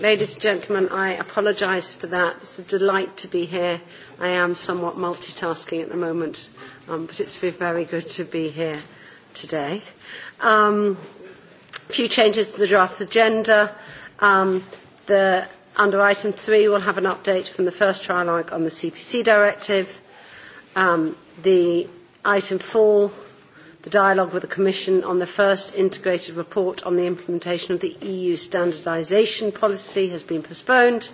Ladies and gentlemen, I apologise for that. It's a delight to be here. I am somewhat multitasking at the moment, um, but it's been very good to be here today. Um, a few changes to the draft agenda. Um, the, under item three, we'll have an update from the first trialogue on the CPC directive. Um, the item four the dialogue with the Commission on the first integrated report on the implementation of the EU standardisation policy has been postponed,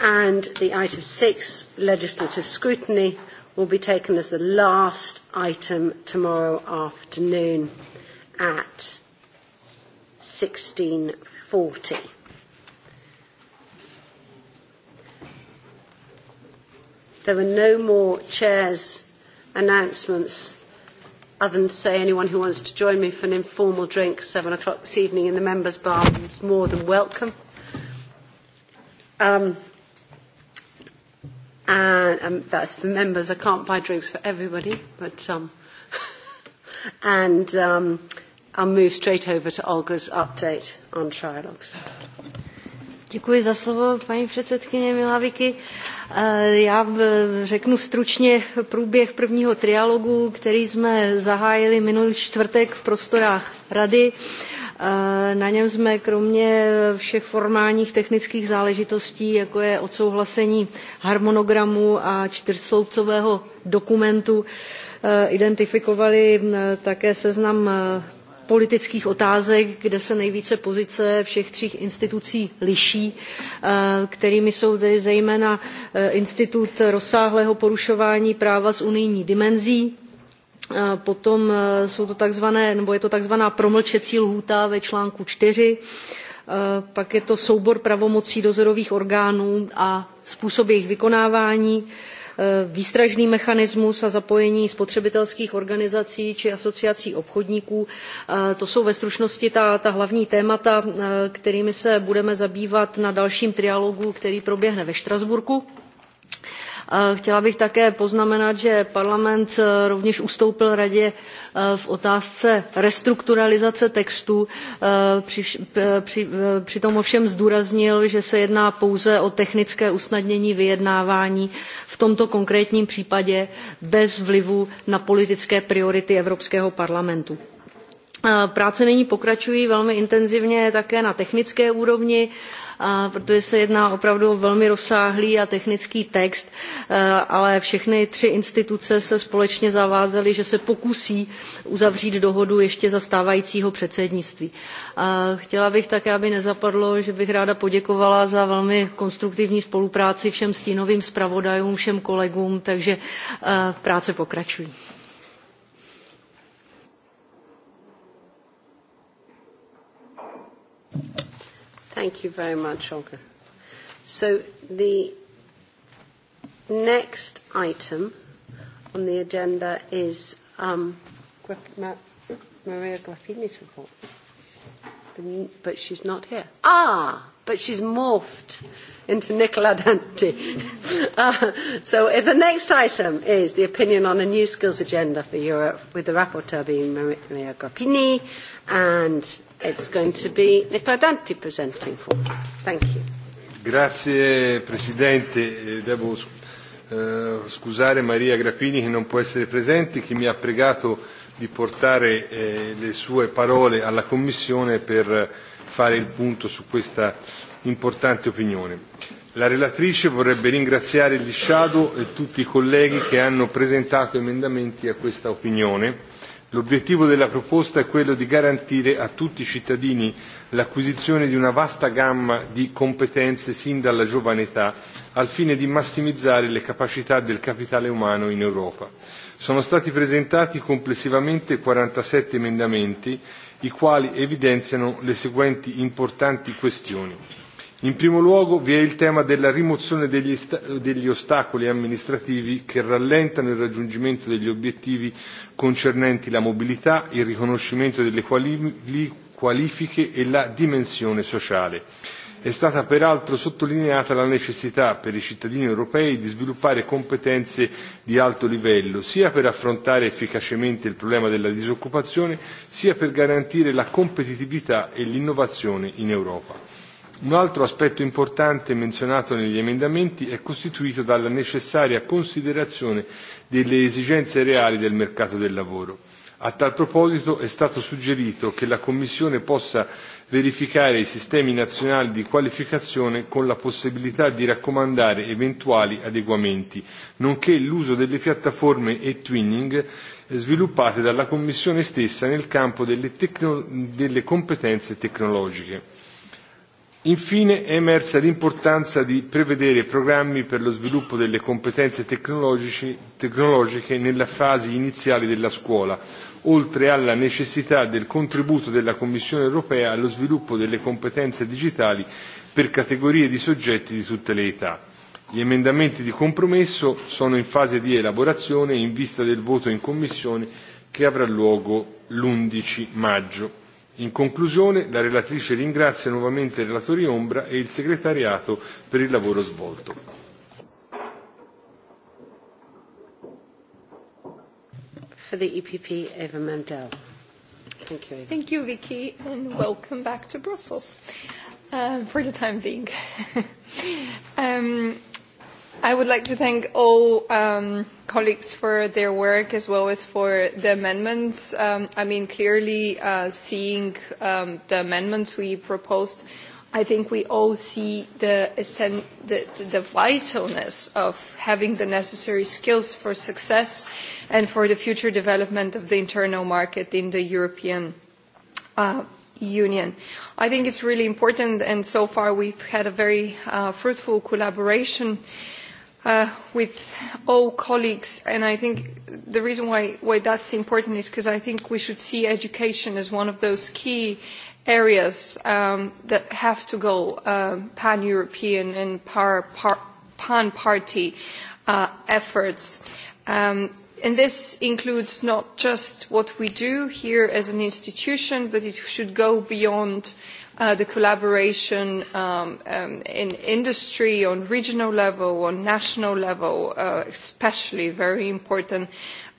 and the item six, legislative scrutiny, will be taken as the last item tomorrow afternoon at 16.40. There were no more chairs announcements other than to say anyone who wants to join me for an informal drink seven o'clock this evening in the members' bar is more than welcome. Um, and um, that's for members. I can't buy drinks for everybody, but um, and um, I'll move straight over to Olga's update on trialogues. Děkuji za slovo, paní předsedkyně Milaviky. Eh, já eh, řeknu stručně průběh prvního trialogu, který jsme zahájili minulý čtvrtek v prostorách rady. Eh, na něm jsme kromě všech formálních technických záležitostí, jako je odsouhlasení harmonogramu a čtyřsloupcového dokumentu, identifikovali také seznam politických otázek, kde se nejvíce pozice všech třích institucí liší, eh, kterými jsou tedy zejména eh, institut rozsáhlého porušování práva s unijní dimenzí, eh, potom jsou to takzvané, nebo je to takzvaná promlčecí lhůta ve článku 4, pak je to soubor pravomocí dozorových orgánů a způsob jejich vykonávání, E, výstražný mechanismus a zapojení spotřebitelských organizací či asociací obchodníků. E, to jsou ve stručnosti ta, ta hlavní témata, e, kterými se budeme zabývat na dalším trialogu, který proběhne ve Štrasburku. Eh, chtěla bych také poznamenat, že parlament eh, rovněž ustoupil radě eh, v otázce restrukturalizace textu. Přitom ovšem zdůraznil, že se jedná pouze o technické usnadnění vyjednávání v tomto konkrétním případě bez vlivu na politické priority Evropského parlamentu. Práce nyní pokračují velmi intenzivně také na technické úrovni protože se jedná opravdu o velmi rozsáhlý a technický text, eh, ale všechny tři instituce se společně zavázaly, že se pokusí uzavřít dohodu ještě za stávajícího předsednictví. A chtěla bych také, aby nezapadlo, že bych ráda poděkovala za velmi konstruktivní spolupráci všem stínovým zpravodajům, všem kolegům, takže eh, práce pokračují. Thank you very much, Olga. So the next item on the agenda is um, Maria Graffini's report. But she's not here. Ah, but she's morphed into Nicola Dante. uh, so the next item is the opinion on a new skills agenda for Europe, with the rapporteur being Maria Grappini and it's going to be Nicola Danti presenting for. Thank you. Grazie Presidente, eh, devo uh, scusare Maria Grappini che non può essere presente, che mi ha pregato di portare eh, le sue parole alla Commissione per fare il punto su questa importante opinione. La relatrice vorrebbe ringraziare gli Shadow e tutti i colleghi che hanno presentato emendamenti a questa opinione L'obiettivo della proposta è quello di garantire a tutti i cittadini l'acquisizione di una vasta gamma di competenze sin dalla giovane età, al fine di massimizzare le capacità del capitale umano in Europa. Sono stati presentati complessivamente 47 emendamenti, i quali evidenziano le seguenti importanti questioni In primo luogo vi è il tema della rimozione degli, degli ostacoli amministrativi che rallentano il raggiungimento degli obiettivi concernenti la mobilità, il riconoscimento delle quali qualifiche e la dimensione sociale. È stata peraltro sottolineata la necessità per i cittadini europei di sviluppare competenze di alto livello, sia per affrontare efficacemente il problema della disoccupazione, sia per garantire la competitività e l'innovazione in Europa. Un altro aspetto importante menzionato negli emendamenti è costituito dalla necessaria considerazione delle esigenze reali del mercato del lavoro. A tal proposito è stato suggerito che la Commissione possa verificare i sistemi nazionali di qualificazione con la possibilità di raccomandare eventuali adeguamenti, nonché l'uso delle piattaforme e twinning sviluppate dalla Commissione stessa nel campo delle, delle competenze tecnologiche. Infine è emersa l'importanza di prevedere programmi per lo sviluppo delle competenze tecnologiche nella fase iniziale della scuola, oltre alla necessità del contributo della Commissione europea allo sviluppo delle competenze digitali per categorie di soggetti di tutte le età. Gli emendamenti di compromesso sono in fase di elaborazione in vista del voto in Commissione che avrà luogo l'11 maggio. In conclusione, la relatrice ringrazia nuovamente i relatori Ombra e il segretariato per il lavoro svolto. For the EPP, Eva Mandel. Thank you, Eva. Thank you, Vicky, and welcome back to Brussels uh, for the time being. um, I would like to thank all um, colleagues for their work as well as for the amendments. Um, I mean, clearly uh, seeing um, the amendments we proposed, I think we all see the, the, the vitalness of having the necessary skills for success and for the future development of the internal market in the European uh, Union. I think it's really important and so far we've had a very uh, fruitful collaboration uh, with all colleagues, and I think the reason why, why that's important is because I think we should see education as one of those key areas um, that have to go uh, pan-European and par, par, pan-party uh, efforts. Um, and this includes not just what we do here as an institution, but it should go beyond Uh, the collaboration um, um, in industry on regional level, on national level, uh, especially very important.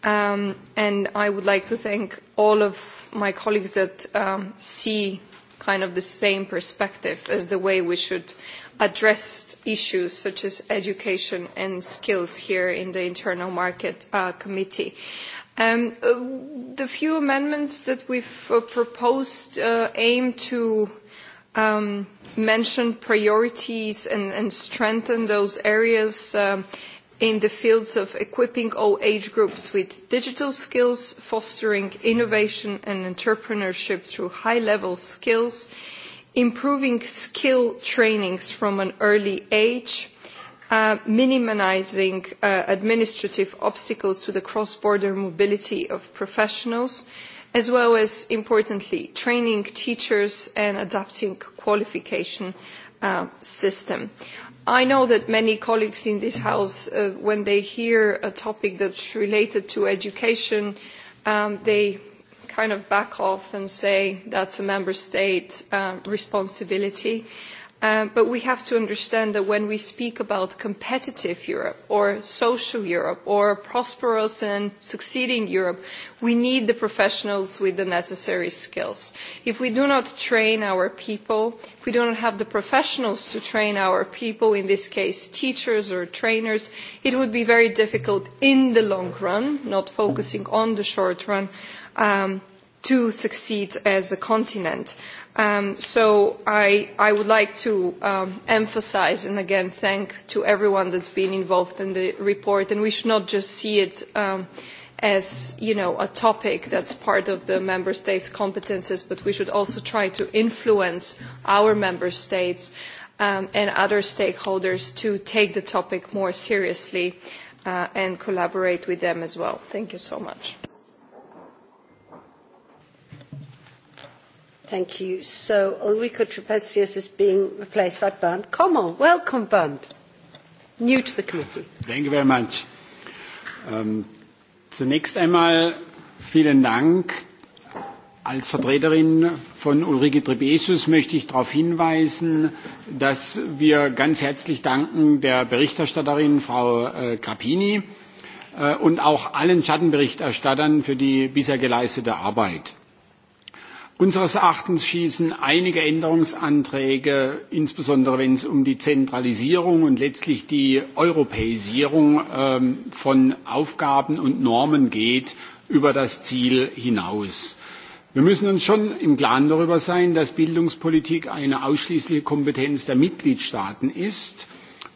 Um, and I would like to thank all of my colleagues that um, see kind of the same perspective as the way we should address issues such as education and skills here in the Internal Market uh, Committee. Um, uh, the few amendments that we've uh, proposed uh, aim to um, mention priorities and, and strengthen those areas um, in the fields of equipping all age groups with digital skills, fostering innovation and entrepreneurship through high-level skills, improving skill trainings from an early age, uh, minimizing uh, administrative obstacles to the cross-border mobility of professionals, uh, as well as, importantly, training teachers and adapting qualification uh, system. I know that many colleagues in this House, uh, when they hear a topic that's related to education, um, they kind of back off and say that's a member state uh, responsibility. Uh, Um, but we have to understand that when we speak about competitive Europe or social Europe or prosperous and succeeding Europe, we need the professionals with the necessary skills. If we do not train our people, if we do not have the professionals to train our people, in this case teachers or trainers, it would be very difficult in the long run, not focusing on the short run, um, to succeed as a continent. Um, so I, I would like to um, emphasize and again thank to everyone that's been involved in the report and we should not just see it um, as you know a topic that's part of the member states' competences but we should also try to influence our member states um, and other stakeholders to take the topic more seriously uh, and collaborate with them as well. Thank you so much. Thank you. So Ulrico Trapezius is being replaced by Bernd Kommel. Welcome, Bernd. New to the committee. Thank you very much. Um, zunächst einmal vielen Dank. Als Vertreterin von Ulrike Trebesius möchte ich darauf hinweisen, dass wir ganz herzlich danken der Berichterstatterin Frau äh, Capini äh, und auch allen Schattenberichterstattern für die bisher geleistete Arbeit. Unseres Erachtens schießen einige Änderungsanträge, insbesondere wenn es um die Zentralisierung und letztlich die Europäisierung ähm, von Aufgaben und Normen geht, über das Ziel hinaus. Wir müssen uns schon im Klaren darüber sein, dass Bildungspolitik eine ausschließliche Kompetenz der Mitgliedstaaten ist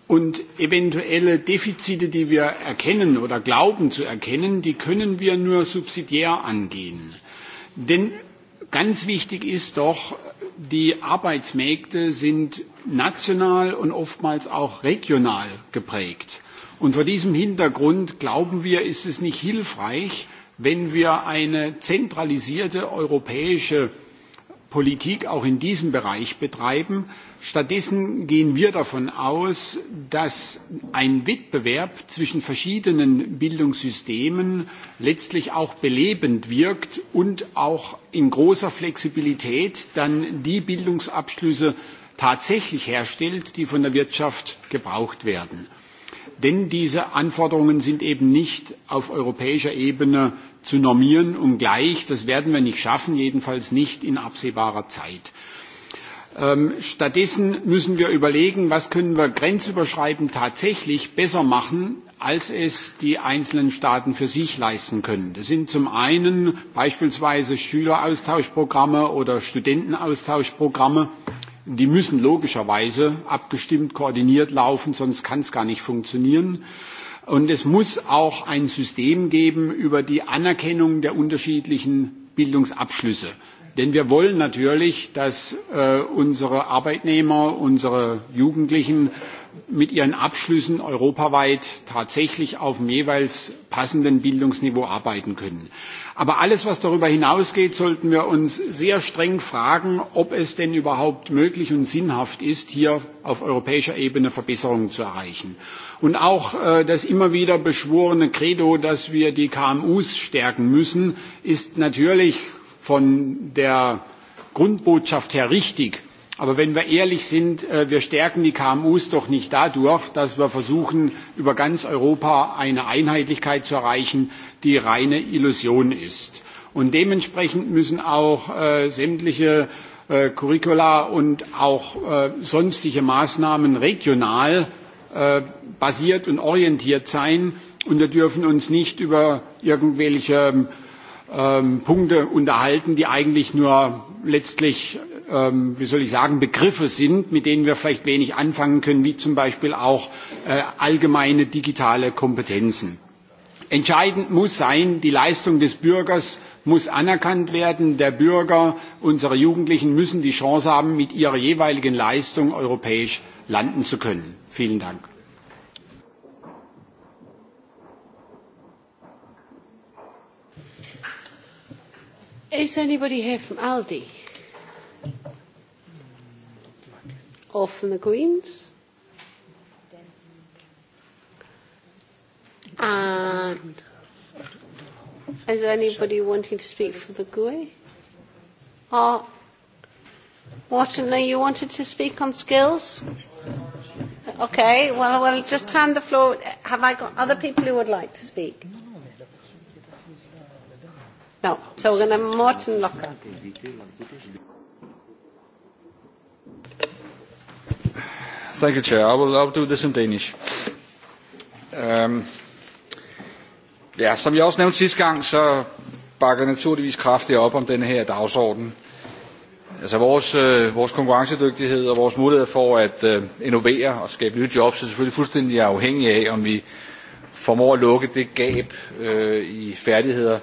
und eventuelle Defizite, die wir erkennen oder glauben zu erkennen, die können wir nur subsidiär angehen. Denn Ganz wichtig ist doch, die Arbeitsmärkte sind national und oftmals auch regional geprägt. Und vor diesem Hintergrund glauben wir, ist es nicht hilfreich, wenn wir eine zentralisierte europäische Politik auch in diesem Bereich betreiben. Stattdessen gehen wir davon aus, dass ein Wettbewerb zwischen verschiedenen Bildungssystemen letztlich auch belebend wirkt und auch in großer Flexibilität dann die Bildungsabschlüsse tatsächlich herstellt, die von der Wirtschaft gebraucht werden. Denn diese Anforderungen sind eben nicht auf europäischer Ebene zu normieren gleich. Das werden wir nicht schaffen, jedenfalls nicht in absehbarer Zeit. Ähm, stattdessen müssen wir überlegen, was können wir grenzüberschreitend tatsächlich besser machen, als es die einzelnen Staaten für sich leisten können. Das sind zum einen beispielsweise Schüleraustauschprogramme oder Studentenaustauschprogramme. Die müssen logischerweise abgestimmt, koordiniert laufen, sonst kann es gar nicht funktionieren. Und es muss auch ein System geben über die Anerkennung der unterschiedlichen Bildungsabschlüsse. Denn wir wollen natürlich, dass äh, unsere Arbeitnehmer, unsere Jugendlichen mit ihren Abschlüssen europaweit tatsächlich auf dem jeweils passenden Bildungsniveau arbeiten können. Aber alles, was darüber hinausgeht, sollten wir uns sehr streng fragen, ob es denn überhaupt möglich und sinnhaft ist, hier auf europäischer Ebene Verbesserungen zu erreichen. Und auch äh, das immer wieder beschworene Credo, dass wir die KMUs stärken müssen, ist natürlich von der Grundbotschaft her richtig. Aber wenn wir ehrlich sind, äh, wir stärken die KMUs doch nicht dadurch, dass wir versuchen, über ganz Europa eine Einheitlichkeit zu erreichen, die reine Illusion ist. Und dementsprechend müssen auch äh, sämtliche äh, Curricula und auch äh, sonstige Maßnahmen regional Äh, basiert und orientiert sein. Und wir dürfen uns nicht über irgendwelche ähm, Punkte unterhalten, die eigentlich nur letztlich, ähm, wie soll ich sagen, Begriffe sind, mit denen wir vielleicht wenig anfangen können, wie zum Beispiel auch äh, allgemeine digitale Kompetenzen. Entscheidend muss sein, die Leistung des Bürgers muss anerkannt werden. Der Bürger, unsere Jugendlichen müssen die Chance haben, mit ihrer jeweiligen Leistung europäisch landen zu können. Vielen Dank. Is anybody here from Aldi? Or from the Greens? And uh, is anybody wanting to speak for the GUE? Or, ah, Watson, you wanted to speak on skills? Okay, well, we'll just hand the floor. Have I got other people who would like to speak? No, so we're going to Morten Locker. Thank you, Chair. I will, I will do this in Danish. Um, ja, som jeg også nævnte sidste gang, så bakker jeg naturligvis kraftigt op om denne her dagsorden. Altså vores, øh, vores konkurrencedygtighed og vores mulighed for at øh, innovere og skabe nye jobs er selvfølgelig fuldstændig afhængig af, om vi formår at lukke det gab øh, i færdigheder,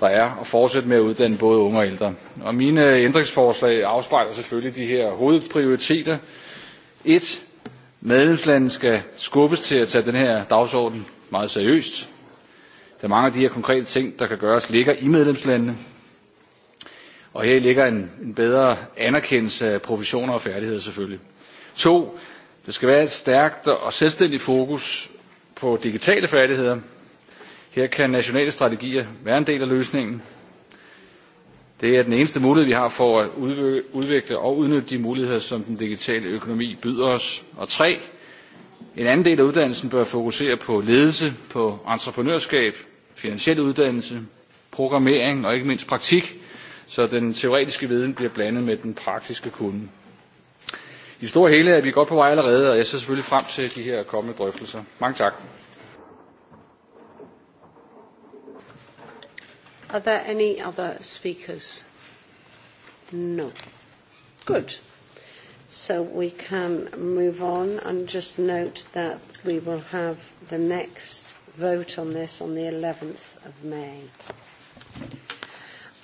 der er, og fortsætte med at uddanne både unge og ældre. Og mine øh, ændringsforslag afspejler selvfølgelig de her hovedprioriteter. Et, medlemslandene skal skubbes til at tage den her dagsorden meget seriøst. Der er mange af de her konkrete ting, der kan gøres, ligger i medlemslandene. Og her ligger en, en bedre anerkendelse af professioner og færdigheder selvfølgelig. To, det skal være et stærkt og selvstændigt fokus på digitale færdigheder. Her kan nationale strategier være en del af løsningen. Det er den eneste mulighed, vi har for at udvikle og udnytte de muligheder, som den digitale økonomi byder os. Og tre, en anden del af uddannelsen bør fokusere på ledelse, på entreprenørskab, finansiel uddannelse, programmering og ikke mindst praktik, så den teoretiske viden bliver blandet med den praktiske kunde. I det store hele er vi godt på vej allerede, og jeg ser selvfølgelig frem til de her kommende drøftelser. Mange tak. Are there any other speakers? No. Good. So we can move on and just note that we will have the next vote on this on the 11th of May.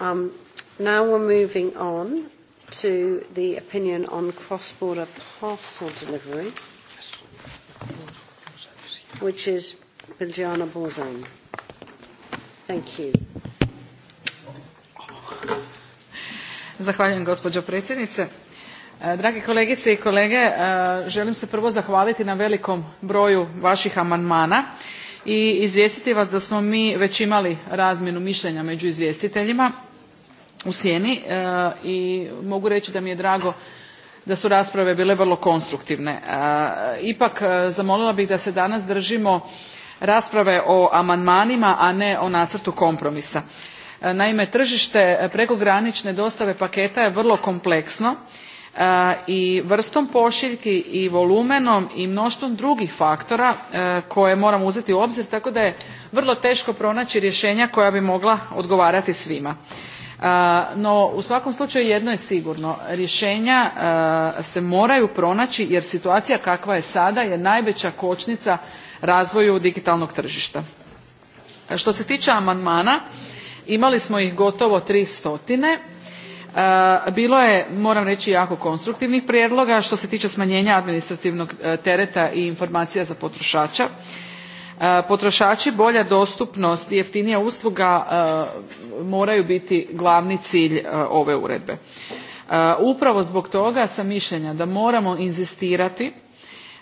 Um, Now we're moving on to the opinion on cross-border parcel delivery, which is Biljana Borzan. Thank you. Zahvaljujem gospođo predsjednice. E, Dragi kolegice i kolege, e, želim se prvo zahvaliti na velikom broju vaših amandmana i izvijestiti vas da smo mi već imali razmjenu mišljenja među izvjestiteljima u sjeni e, i mogu reći da mi je drago da su rasprave bile vrlo konstruktivne. E, ipak e, zamolila bih da se danas držimo rasprave o amandmanima, a ne o nacrtu kompromisa. Naime, tržište prekogranične dostave paketa je vrlo kompleksno i vrstom pošiljki i volumenom i mnoštvom drugih faktora koje moram uzeti u obzir, tako da je vrlo teško pronaći rješenja koja bi mogla odgovarati svima. No, u svakom slučaju jedno je sigurno. Rješenja se moraju pronaći jer situacija kakva je sada je najveća kočnica razvoju digitalnog tržišta. Što se tiče amandmana, imali smo ih gotovo tri stotine, Bilo je, moram reći, jako konstruktivnih prijedloga što se tiče smanjenja administrativnog e, tereta i informacija za potrošača. E, potrošači bolja dostupnost i jeftinija usluga e, moraju biti glavni cilj e, ove uredbe. Upravo zbog toga sam mišljenja da moramo inzistirati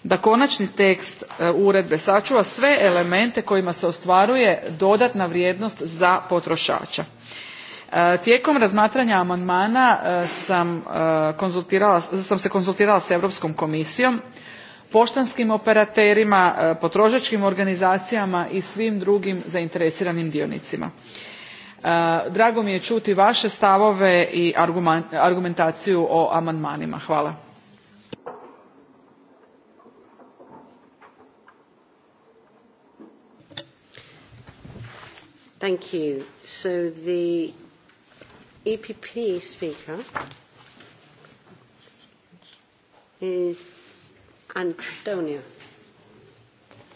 da konačni tekst uredbe sačuva sve elemente kojima se ostvaruje dodatna vrijednost za potrošača. Tijekom razmatranja amandmana sam, sam se konzultirala s Europskom komisijom poštanskim operaterima, e, potrošačkim organizacijama i svim drugim zainteresiranim dionicima. E, drago mi je čuti vaše stavove i argumentaciju o amandmanima. Hvala. Thank you. So the EPP speaker is Antonio.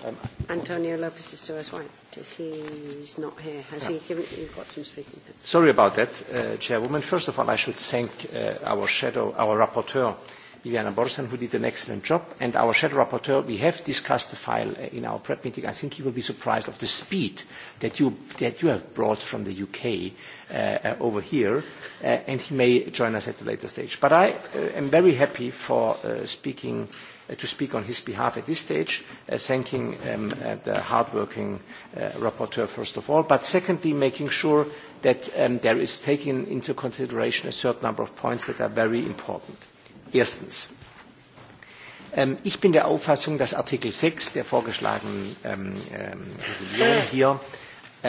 Um, Antonio Lopez is to us white. Is he, he's not here. Has yeah. he given, you've got some speaking. Things. Sorry about that, uh, Chairwoman. First of all, I should thank uh, our shadow, our rapporteur, Viviana Borsen, who did an excellent job, and our shadow rapporteur. We have discussed the file uh, in our prep meeting. I think you will be surprised of the speed that you, that you have brought from the UK uh, uh, over here, uh, and he may join us at a later stage. But I uh, am very happy for uh, speaking Uh, to speak on his behalf at this stage, uh, thanking um, uh, the hardworking uh, rapporteur first of all, but secondly making sure that um, there is taken into consideration a certain number of points that are very important. Erstens. Ähm, ich bin der Auffassung, dass Artikel 6 der vorgeschlagenen ähm, ähm, Regulierung hier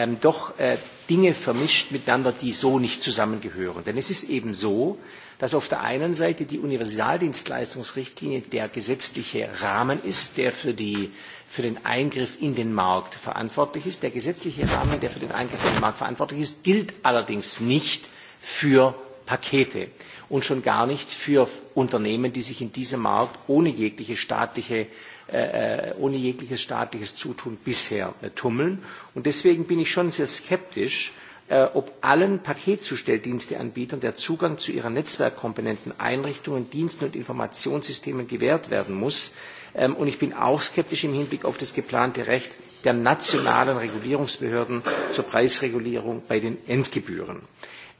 ähm, doch äh, Dinge vermischt miteinander, die so nicht zusammengehören. Denn es ist eben so, dass auf der einen Seite die Universaldienstleistungsrichtlinie der gesetzliche Rahmen ist, der für, die, für den Eingriff in den Markt verantwortlich ist. Der gesetzliche Rahmen, der für den Eingriff in den Markt verantwortlich ist, gilt allerdings nicht für Pakete und schon gar nicht für Unternehmen, die sich in diesem Markt ohne, jegliche staatliche, äh, äh ohne jegliches staatliches Zutun bisher äh, tummeln. Und deswegen bin ich schon sehr skeptisch, äh, Äh, ob allen Paketzustelldiensteanbietern der Zugang zu ihren Netzwerkkomponenten, Einrichtungen, Diensten und Informationssystemen gewährt werden muss. Ähm, und ich bin auch skeptisch im Hinblick auf das geplante Recht der nationalen Regulierungsbehörden zur Preisregulierung bei den Endgebühren.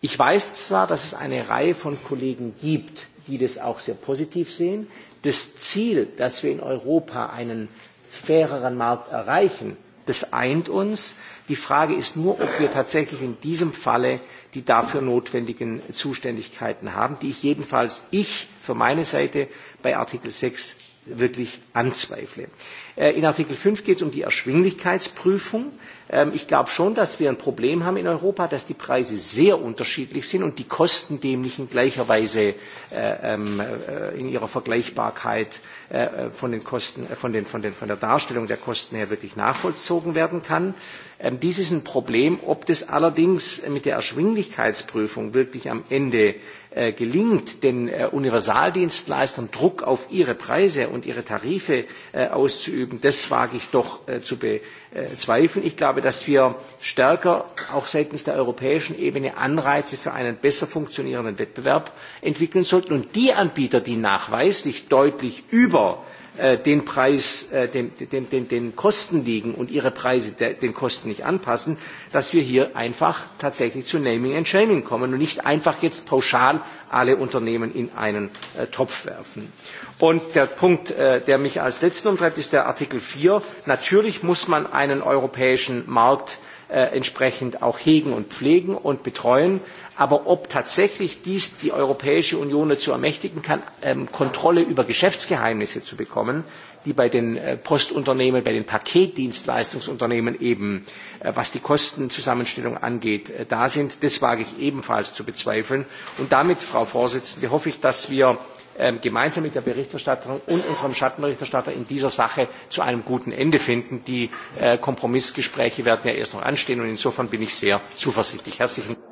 Ich weiß zwar, dass es eine Reihe von Kollegen gibt, die das auch sehr positiv sehen. Das Ziel, dass wir in Europa einen faireren Markt erreichen, Das eint uns. Die Frage ist nur, ob wir tatsächlich in diesem Falle die dafür notwendigen Zuständigkeiten haben, die ich jedenfalls ich für meine Seite bei Artikel 6 wirklich anzweifle. Äh, in Artikel 5 geht es um die Erschwinglichkeitsprüfung. Ähm, ich glaube schon, dass wir ein Problem haben in Europa, dass die Preise sehr unterschiedlich sind und die Kosten dem nicht in gleicher Weise äh, ähm, äh, in ihrer Vergleichbarkeit äh, von den Kosten, von, den, von, den, von der Darstellung der Kosten her wirklich nachvollzogen werden kann. Ähm, dies ist ein Problem. Ob das allerdings mit der Erschwinglichkeitsprüfung wirklich am Ende Äh, gelingt, den äh, Universaldienstleistern Druck auf ihre Preise und ihre Tarife äh, auszuüben, das wage ich doch zu bezweifeln. Ich glaube, dass wir stärker auch seitens der europäischen Ebene Anreize für einen besser funktionierenden Wettbewerb entwickeln sollten und die Anbieter, die nachweislich deutlich über Äh, den Preis, äh, den, den, den, den Kosten liegen und ihre Preise den Kosten nicht anpassen, dass wir hier einfach tatsächlich zu Naming and Shaming kommen und nicht einfach jetzt pauschal alle Unternehmen in einen äh, Topf werfen. Und der Punkt, äh, der mich als letzten umtreibt, ist der Artikel 4. Natürlich muss man einen europäischen Markt Äh, entsprechend auch hegen und pflegen und betreuen. Aber ob tatsächlich dies die Europäische Union dazu ermächtigen kann, ähm, Kontrolle über Geschäftsgeheimnisse zu bekommen, die bei den äh, Postunternehmen, bei den Paketdienstleistungsunternehmen eben, äh, was die Kostenzusammenstellung angeht, da sind, das wage ich ebenfalls zu bezweifeln. Und damit, Frau Vorsitzende, hoffe ich, dass wir Ähm, gemeinsam mit der Berichterstatterin und unserem Schattenberichterstatter in dieser Sache zu einem guten Ende finden. Die äh, Kompromissgespräche werden ja erst noch anstehen und insofern bin ich sehr zuversichtlich. Herzlichen Dank.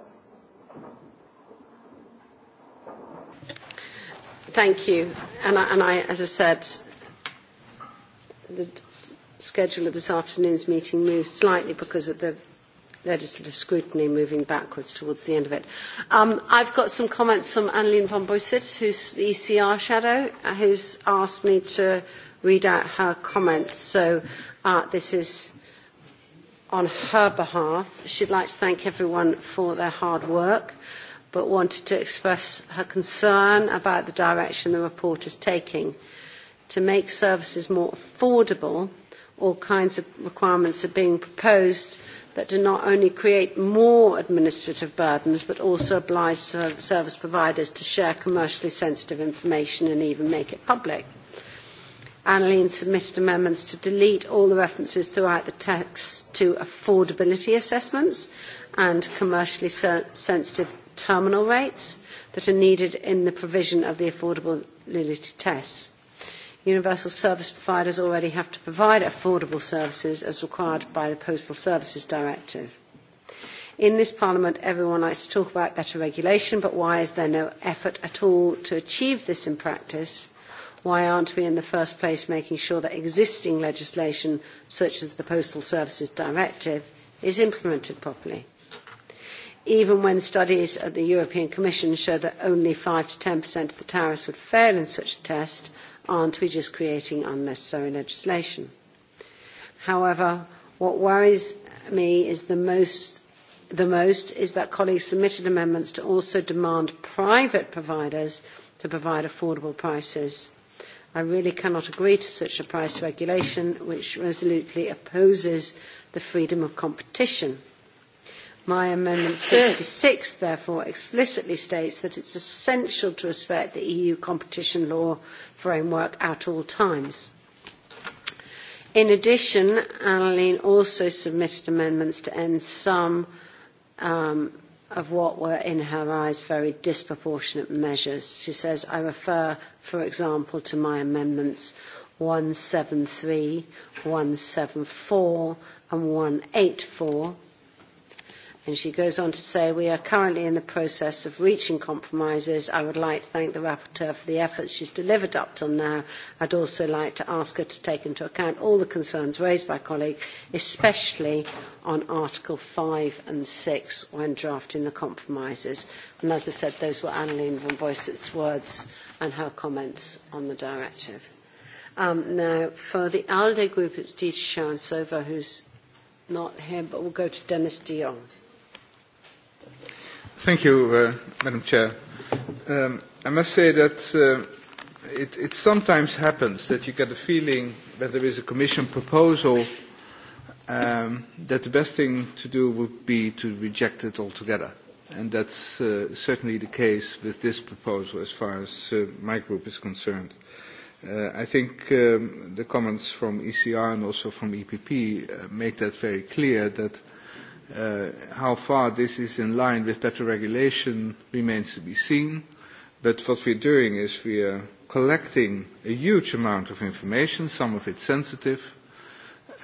Thank you. And I, and I, as I said, the schedule of this afternoon's meeting moved slightly because of the legislative scrutiny moving backwards towards the end of it. Um, I've got some comments from Annelien von Boisset, who's the ECR shadow, uh, who's asked me to read out her comments. So uh, this is on her behalf. She'd like to thank everyone for their hard work, but wanted to express her concern about the direction the report is taking. To make services more affordable, all kinds of requirements are being proposed that do not only create more administrative burdens but also oblige service providers to share commercially sensitive information and even make it public. Annaline submitted amendments to delete all the references throughout the text to affordability assessments and commercially sensitive terminal rates that are needed in the provision of the affordability tests universal service providers already have to provide affordable services as required by the Postal Services Directive. In this Parliament, everyone likes to talk about better regulation, but why is there no effort at all to achieve this in practice? Why aren't we in the first place making sure that existing legislation, such as the Postal Services Directive, is implemented properly? Even when studies at the European Commission show that only 5 to 10% of the tariffs would fail in such a test, aren't we just creating unnecessary legislation? However, what worries me is the most the most is that colleagues submitted amendments to also demand private providers to provide affordable prices. I really cannot agree to such a price regulation which resolutely opposes the freedom of competition. My Amendment sixty six therefore explicitly states that it is essential to respect the EU competition law framework at all times. In addition, Annaline also submitted amendments to end some um, of what were, in her eyes, very disproportionate measures. She says, I refer, for example, to my amendments 173, 174, and 184, And she goes on to say, we are currently in the process of reaching compromises. I would like to thank the rapporteur for the efforts she's delivered up till now. I'd also like to ask her to take into account all the concerns raised by colleagues, especially on Article 5 and 6 when drafting the compromises. And as I said, those were Annelien von Boyce's words and her comments on the directive. Um, now, for the ALDE group, it's Dieter Schoensover, who's not here, but we'll go to Dennis de Jong. Thank you, uh, Madam Chair. Um, I must say that uh, it, it sometimes happens that you get a feeling that there is a Commission proposal um, that the best thing to do would be to reject it altogether. And that's uh, certainly the case with this proposal as far as uh, my group is concerned. Uh, I think um, the comments from ECR and also from EPP uh, make that very clear that Uh, how far this is in line with better regulation remains to be seen, but what we're doing is we are collecting a huge amount of information, some of it sensitive,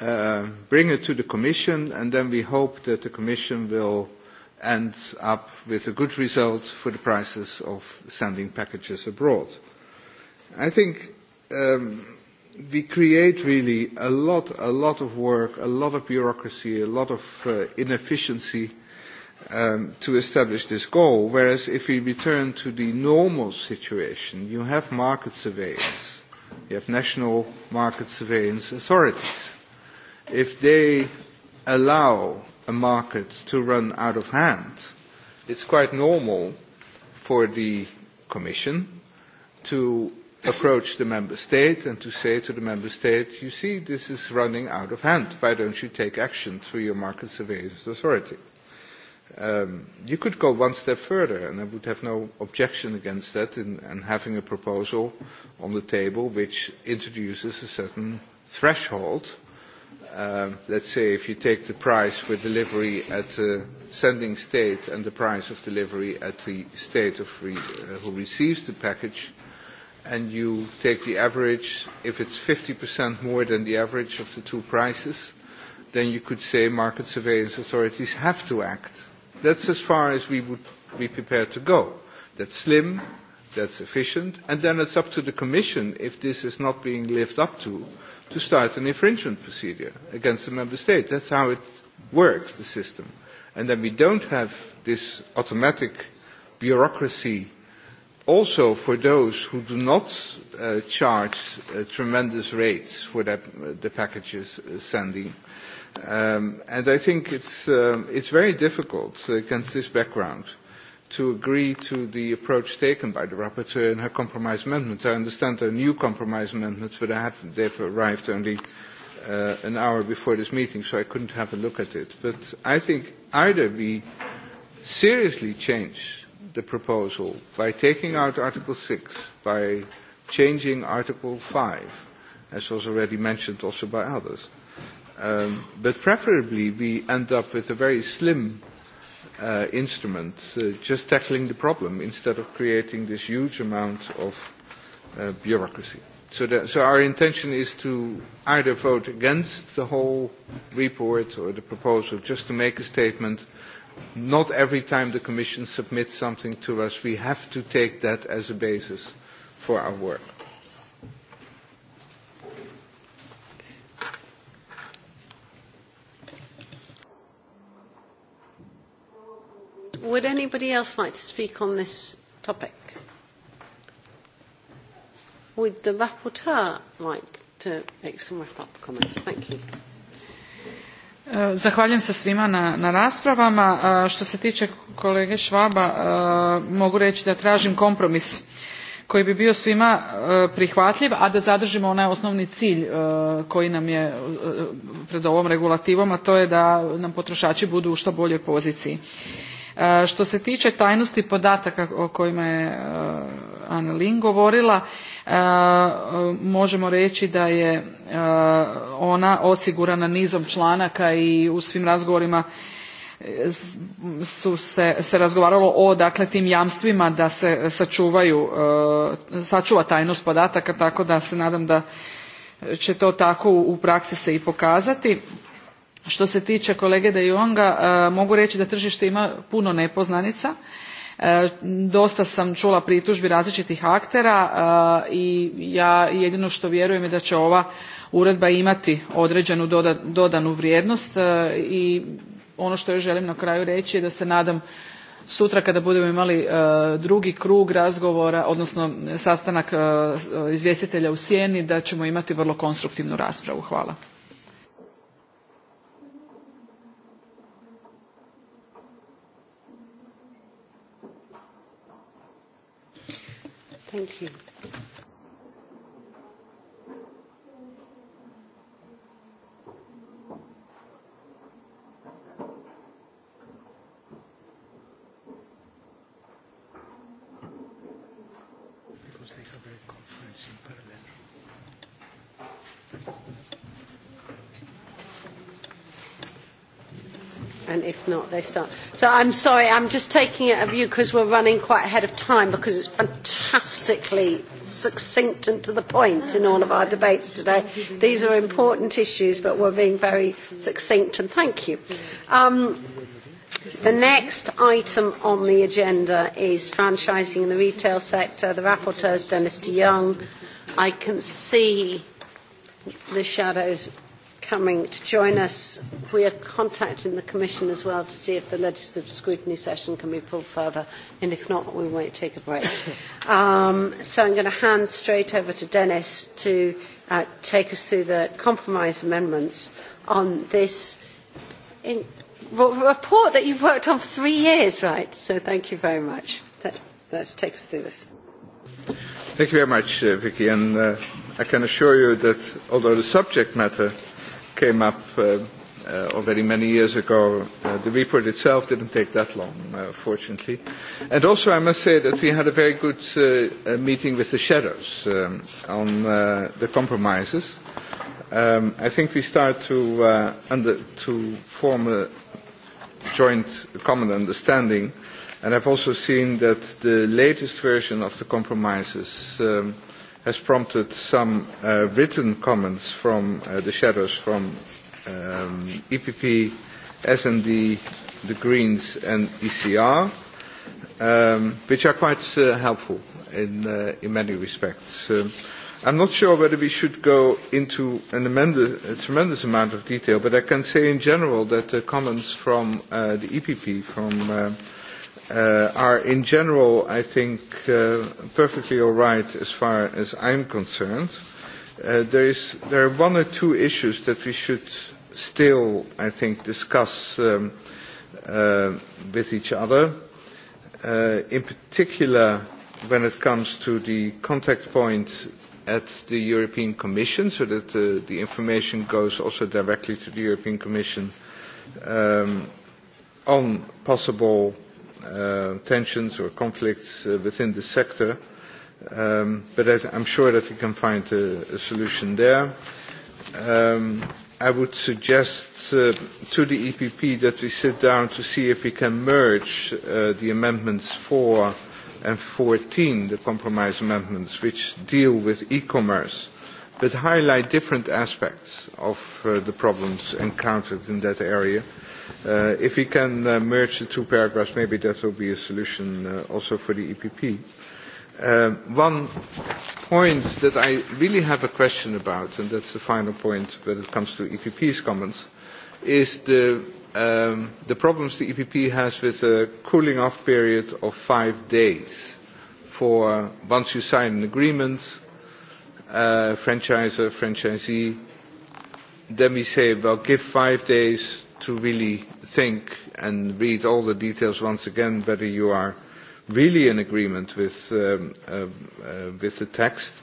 uh, bring it to the Commission, and then we hope that the Commission will end up with a good result for the prices of sending packages abroad. I think um, we create really a lot, a lot of work, a lot of bureaucracy, a lot of uh, inefficiency um, to establish this goal. Whereas if we return to the normal situation, you have market surveillance, you have national market surveillance authorities. If they allow a market to run out of hand, it's quite normal for the Commission to approach the member state and to say to the member state, you see, this is running out of hand. Why don't you take action through your market surveillance authority? Um, you could go one step further, and I would have no objection against that, in, in having a proposal on the table which introduces a certain threshold. Uh, let's say if you take the price for delivery at the sending state and the price of delivery at the state of re, uh, who receives the package, and you take the average, if it's 50% more than the average of the two prices, then you could say market surveillance authorities have to act. That's as far as we would be prepared to go. That's slim, that's efficient, and then it's up to the Commission, if this is not being lived up to, to start an infringement procedure against the Member State. That's how it works, the system. And then we don't have this automatic bureaucracy also for those who do not uh, charge uh, tremendous rates for that, uh, the packages uh, sending. Um, and I think it's, uh, it's very difficult uh, against this background to agree to the approach taken by the rapporteur and her compromise amendments. I understand there are new compromise amendments, but I have, they've arrived only uh, an hour before this meeting, so I couldn't have a look at it. But I think either we seriously change the proposal by taking out Article 6, by changing Article 5, as was already mentioned also by others. Um, but preferably we end up with a very slim uh, instrument uh, just tackling the problem instead of creating this huge amount of uh, bureaucracy. So, that, so our intention is to either vote against the whole report or the proposal just to make a statement not every time the Commission submits something to us, we have to take that as a basis for our work. Would anybody else like to speak on this topic? Would the rapporteur like to make some wrap-up comments? Thank you. E, zahvaljujem se svima na, na raspravama. A, e, što se tiče kolege Švaba, a, e, mogu reći da tražim kompromis koji bi bio svima a, prihvatljiv, a da zadržimo onaj osnovni cilj koji nam je pred ovom regulativom, a to je da nam potrošači budu u što boljoj poziciji. E, što se tiče tajnosti podataka o kojima je e, anne Lin govorila, e, možemo reći da je ona osigurana nizom članaka i u svim razgovorima su se, se razgovaralo o dakle tim jamstvima da se sačuvaju, sačuva tajnost podataka, tako da se nadam da će to tako u praksi se i pokazati. Što se tiče kolege De Jonga, e, mogu reći da tržište ima puno nepoznanica. E, dosta sam čula pritužbi različitih aktera e, i ja jedino što vjerujem je da će ova uredba imati određenu dodanu vrijednost i ono što još želim na kraju reći je da se nadam sutra kada budemo imali drugi krug razgovora, odnosno sastanak izvjestitelja u Sjeni, da ćemo imati vrlo konstruktivnu raspravu. Hvala. Thank you. not, they start. So I'm sorry, I'm just taking it of you because we're running quite ahead of time because it's fantastically succinct and to the point in all of our debates today. These are important issues, but we're being very succinct, and thank you. Um, The next item on the agenda is franchising in the retail sector. The rapporteur is Dennis de Young. I can see the shadows coming to join us. We are contacting the Commission as well to see if the legislative scrutiny session can be pulled further, and if not, we won't take a break. um, so I'm going to hand straight over to Dennis to uh, take us through the compromise amendments on this in report that you've worked on for three years, right? So thank you very much. That, let's take us through this. Thank you very much, uh, Vicky. And, uh, I can assure you that although the subject matter came up uh, uh, already many years ago. Uh, the report itself didn't take that long, uh, fortunately. And also I must say that we had a very good uh, uh, meeting with the shadows um, on uh, the compromises. Um, I think we start to, uh, under, to form a joint common understanding, and I've also seen that the latest version of the compromises um, has prompted some uh, written comments from uh, the shadows from um, EPP, S&D, the Greens and ECR, um, which are quite uh, helpful in, uh, in many respects. Um, I'm not sure whether we should go into an amended, a tremendous amount of detail, but I can say in general that the comments from uh, the EPP, from uh, uh, are in general, I think, uh, perfectly all right as far as I'm concerned. Uh, there, is, there are one or two issues that we should still, I think, discuss um, uh, with each other. Uh, in particular, when it comes to the contact point at the European Commission, so that uh, the information goes also directly to the European Commission um, on possible uh, tensions or conflicts uh, within the sector, um, but I I'm sure that we can find a, a solution there. Um, I would suggest uh, to the EPP that we sit down to see if we can merge uh, the amendments 4 and 14, the compromise amendments, which deal with e-commerce, but highlight different aspects of uh, the problems encountered in that area Uh, if we can uh, merge the two paragraphs, maybe that will be a solution uh, also for the EPP. Um, uh, one point that I really have a question about, and that's the final point when it comes to EPP's comments, is the, um, the problems the EPP has with a cooling off period of five days for once you sign an agreement, uh, franchisor, franchisee, then we say, well, give five days to really think and read all the details once again whether you are really in agreement with, um, uh, uh, with the text.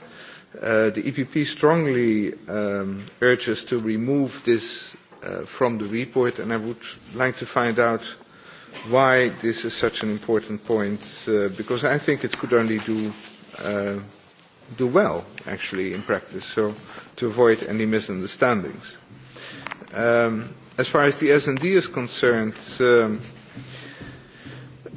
Uh, the EPP strongly um, urges to remove this uh, from the report and I would like to find out why this is such an important point uh, because I think it could only do uh, do well actually in practice so to avoid any misunderstandings. Um, as far as the S&D is concerned, um,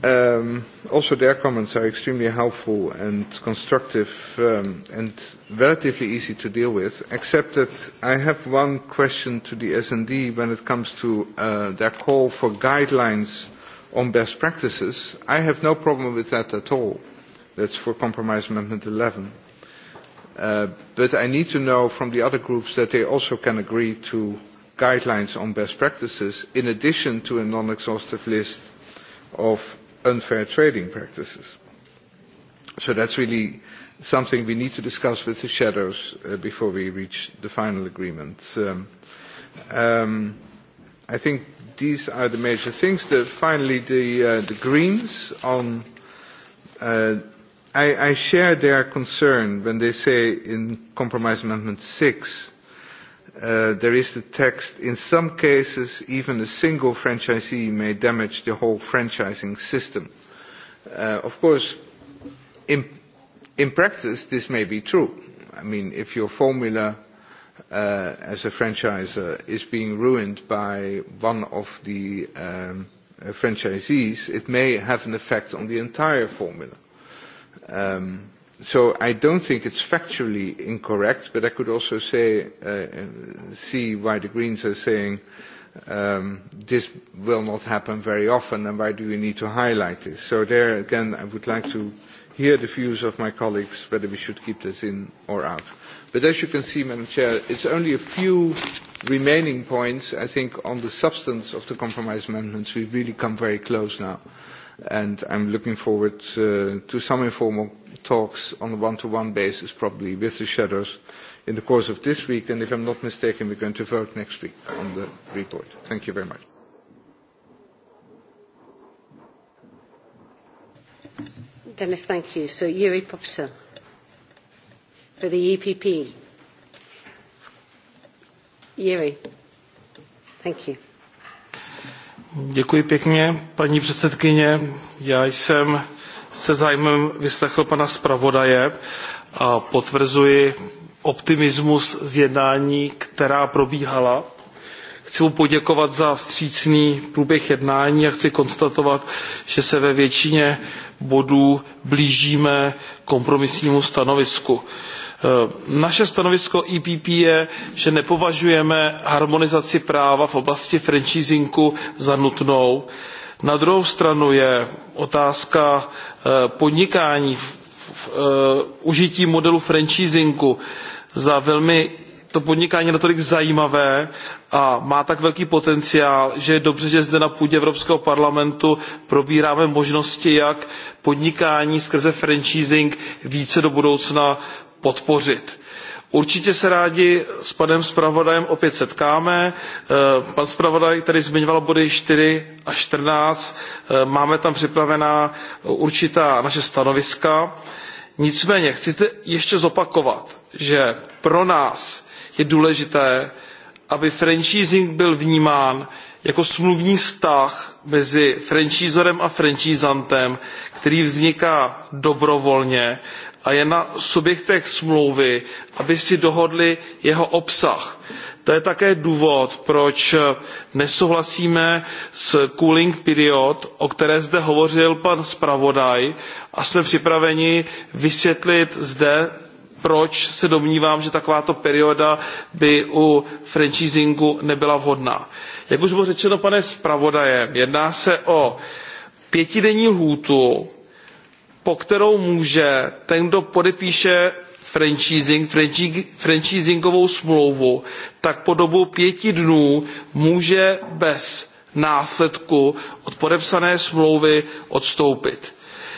um, also their comments are extremely helpful and constructive um, and relatively easy to deal with, except that I have one question to the S&D when it comes to uh, their call for guidelines on best practices. I have no problem with that at all. That's for Compromise Amendment 11. Uh, but I need to know from the other groups that they also can agree to guidelines on best practices in addition to a non-exhaustive list of unfair trading practices. So that's really something we need to discuss with the shadows uh, before we reach the final agreement. Um, um, I think these are the major things. The, finally, the, uh, the Greens on... Uh, I, I share their concern when they say in Compromise Amendment 6 uh, there is the text, in some cases, even a single franchisee may damage the whole franchising system. Uh, of course, in, in practice, this may be true. I mean, if your formula uh, as a franchiser is being ruined by one of the um, uh, franchisees, it may have an effect on the entire formula. Um, so I don't think it's factually incorrect, but I could also say, uh, see why the Greens are saying um, this will not happen very often and why do we need to highlight this. So there again, I would like to hear the views of my colleagues whether we should keep this in or out. But as you can see, Madam Chair, it's only a few remaining points. I think on the substance of the compromise amendments, we've really come very close now and I'm looking forward uh, to some informal talks on a one-to-one -one basis, probably with the shadows, in the course of this week, and if I'm not mistaken, we're going to vote next week on the report. Thank you very much. Dennis, thank you. So, Yuri Popsa for the EPP. Yuri, thank you. Děkuji pěkně, paní předsedkyně. Já jsem se zájmem vyslechl pana zpravodaje a potvrzuji optimismus z jednání, která probíhala. Chci mu poděkovat za vstřícný průběh jednání a chci konstatovat, že se ve většině bodů blížíme kompromisnímu stanovisku. Uh, Eh, naše stanovisko EPP je, že nepovažujeme harmonizaci práva v oblasti franchisingu za nutnou. Na druhou stranu je otázka eh, podnikání eh, užití modelu franchisingu za velmi to podnikání natolik zajímavé a má tak velký potenciál, že je dobře, že zde na půdě Evropského parlamentu probíráme možnosti, jak podnikání skrze franchising více do budoucna podpořit. Určitě se rádi s panem zpravodajem opět setkáme. Eh, pan zpravodaj tady zmiňoval body 4 a 14. Eh, máme tam připravená určitá naše stanoviska. Nicméně chci ještě zopakovat, že pro nás je důležité, aby franchising byl vnímán jako smluvní vztah mezi franchisorem a franchisantem, který vzniká dobrovolně, a je na subjektech smlouvy, aby si dohodli jeho obsah. To je také důvod, proč nesouhlasíme s cooling period, o které zde hovořil pan zpravodaj a jsme připraveni vysvětlit zde proč se domnívám, že takováto perioda by u franchisingu nebyla vhodná. Jak už bylo řečeno pane zpravodajem, jedná se o pětidenní lhůtu, po kterou může ten, kdo podepíše franchising, franchisingovou smlouvu, tak po dobu pěti dnů může bez následku od podepsané smlouvy odstoupit.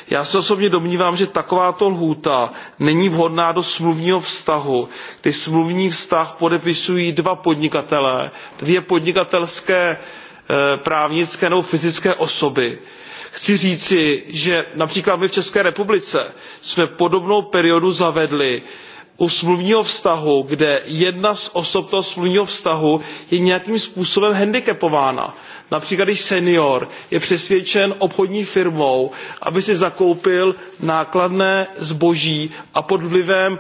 Já se osobně domnívám, že takováto lhůta není vhodná do smluvního vztahu, kdy smluvní vztah podepisují dva podnikatelé, dvě podnikatelské eh, právnické nebo fyzické osoby Chci říci, že například my v České republice jsme podobnou periodu zavedli u smluvního vztahu, kde jedna z osob toho smluvního vztahu je nějakým způsobem handicapována. Například když senior je přesvědčen obchodní firmou, aby si zakoupil nákladné zboží a pod vlivem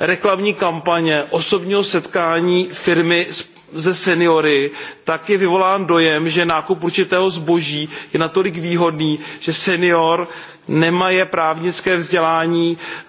reklamní kampaně, osobního setkání firmy s ze seniory, tak je vyvolán dojem, že nákup určitého zboží je natolik výhodný, že senior nemaje právnické vzdělání, eh,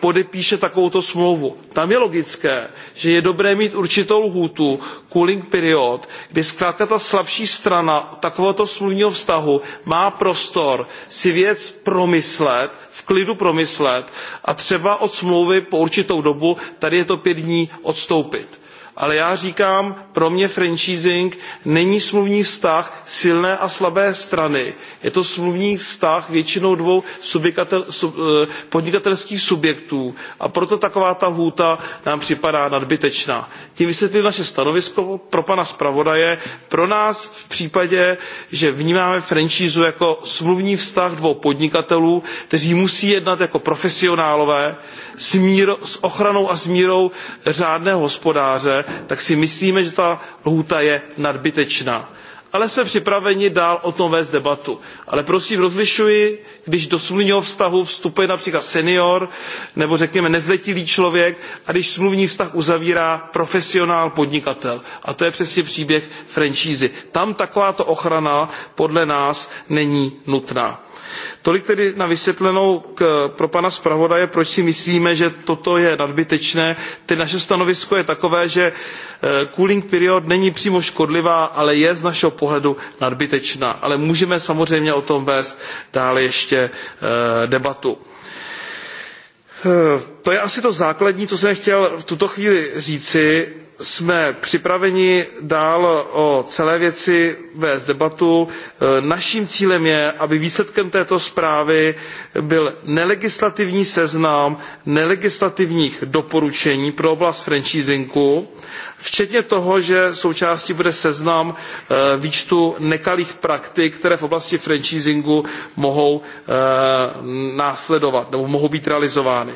podepíše takovouto smlouvu. Tam je logické, že je dobré mít určitou lhůtu, cooling period, kdy zkrátka ta slabší strana takovéhoto smluvního vztahu má prostor si věc promyslet, v klidu promyslet a třeba od smlouvy po určitou dobu, tady je to pět dní, odstoupit. Ale já říkám, pro mě franchising není smluvní vztah silné a slabé strany. Je to smluvní vztah většinou dvou sub, eh, podnikatelských subjektů a proto taková ta hůta nám připadá nadbytečná. Tím vysvětlím naše stanovisko pro pana zpravodaje. Pro nás v případě, že vnímáme franchízu jako smluvní vztah dvou podnikatelů, kteří musí jednat jako profesionálové s, mír, s ochranou a s mírou řádného hospodáře, tak si myslíme, že ta lhůta je nadbytečná. Ale jsme připraveni dál o tom vést debatu. Ale prosím, rozlišuji, když do smluvního vztahu vstupuje například senior nebo řekněme nezletilý člověk a když smluvní vztah uzavírá profesionál podnikatel. A to je přesně příběh franšízy. Tam takováto ochrana podle nás není nutná. Tolik tedy na vysvětlenou k, pro pana zpravodaje, proč si myslíme, že toto je nadbytečné. ty naše stanovisko je takové, že e, cooling period není přímo škodlivá, ale je z našeho pohledu nadbytečná. Ale můžeme samozřejmě o tom vést dále ještě e, debatu. E, to je asi to základní, co jsem chtěl v tuto chvíli říci jsme připraveni dál o celé věci vést debatu. E, naším cílem je, aby výsledkem této zprávy byl nelegislativní seznam nelegislativních doporučení pro oblast franchisingu, včetně toho, že součástí bude seznam e, výčtu nekalých praktik, které v oblasti franchisingu mohou e, následovat nebo mohou být realizovány.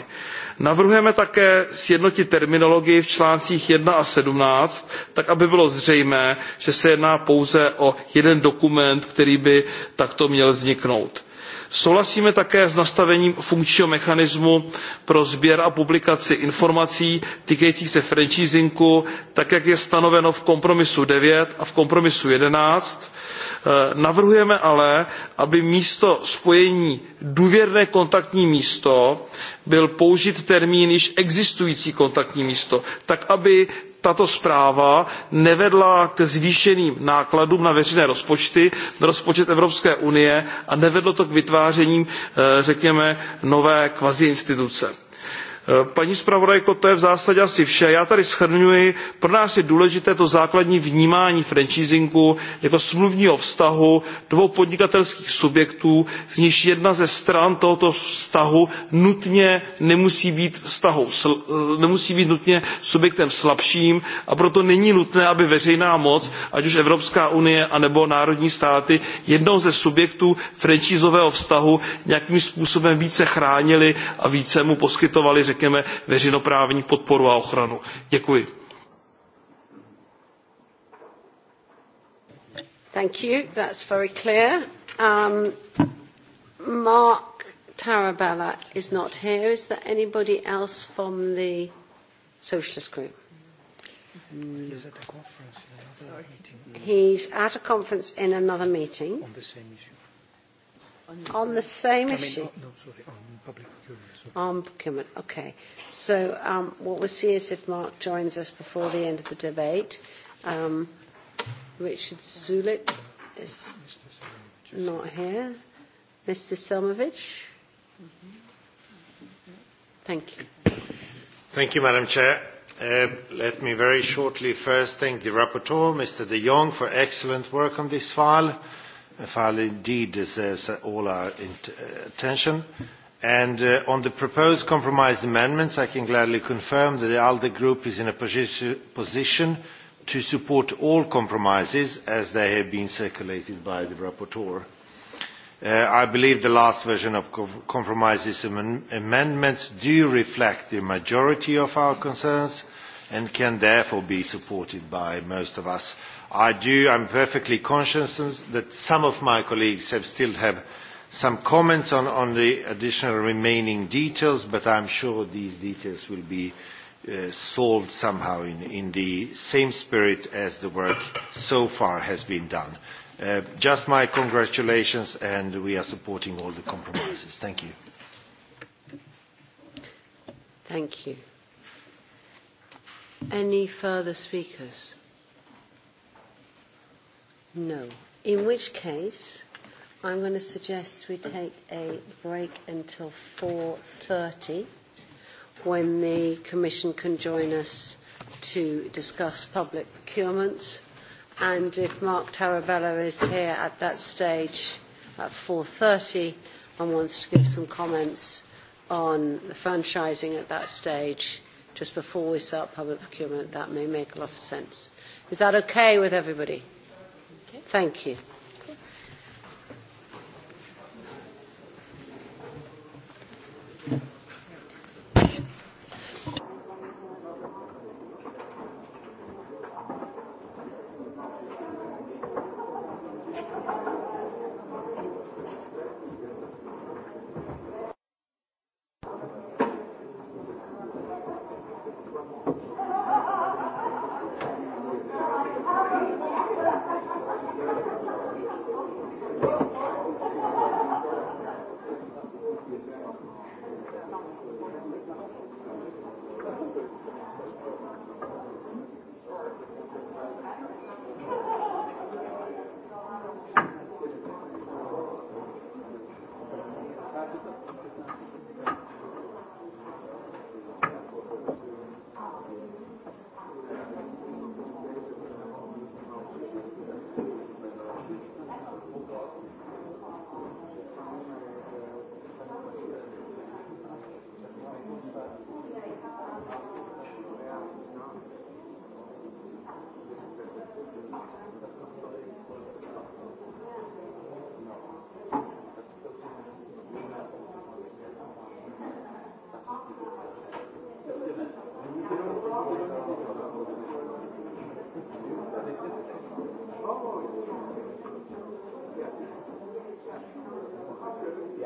Navrhujeme také sjednotit terminologii v článcích 1 a 17, tak aby bylo zřejmé, že se jedná pouze o jeden dokument, který by takto měl vzniknout. Souhlasíme také s nastavením funkčního mechanismu pro sběr a publikaci informací týkajících se franchisingu, tak jak je stanoveno v kompromisu 9 a v kompromisu 11. Eh, navrhujeme ale, aby místo spojení důvěrné kontaktní místo byl použit termín již existující kontaktní místo, tak aby tato zpráva nevedla k zvýšeným nákladům na veřejné rozpočty, na rozpočet Evropské unie a nevedlo to k vytváření, eh, řekněme, nové kvazi instituce Eh, paní zpravodajko, to je v zásadě asi vše. Já tady schrnuji, pro nás je důležité to základní vnímání franchisingu jako smluvního vztahu dvou podnikatelských subjektů, z nichž jedna ze stran tohoto vztahu nutně nemusí být, vztahu, eh, nemusí být nutně subjektem slabším a proto není nutné, aby veřejná moc, ať už Evropská unie anebo národní státy, jednou ze subjektů franchisového vztahu nějakým způsobem více chránili a více mu poskytovali, řekněme, veřejnoprávní podporu a ochranu. Děkuji. Thank you. That's very clear. Um, Mark Tarabella is not here. Is there anybody else from the Socialist Group? He's at a conference in another Sorry. meeting. He's at a conference in another meeting. On the same issue. On the same, on the same issue? I mean, no, no, sorry, on armed procurement. Okay. So um, what we'll see is if Mark joins us before the end of the debate. Um, Richard Zulik is not here. Mr. Selmovich? Thank you. Thank you, Madam Chair. Uh, let me very shortly first thank the rapporteur, Mr. de Jong, for excellent work on this file. The file indeed deserves all our uh, attention. And uh, on the proposed compromise amendments, I can gladly confirm that the ALDE group is in a position, position to support all compromises as they have been circulated by the rapporteur. Uh, I believe the last version of compromises am amendments do reflect the majority of our concerns and can therefore be supported by most of us. I do, I'm perfectly conscious that some of my colleagues have still have some comments on, on the additional remaining details, but I'm sure these details will be uh, solved somehow in, in the same spirit as the work so far has been done. Uh, just my congratulations, and we are supporting all the compromises. Thank you. Thank you. Any further speakers? No. In which case, I'm going to suggest we take a break until 4.30 when the Commission can join us to discuss public procurement. And if Mark Tarabella is here at that stage at 4.30 and wants to give some comments on the franchising at that stage, just before we start public procurement, that may make a lot of sense. Is that okay with everybody? Okay. Thank you.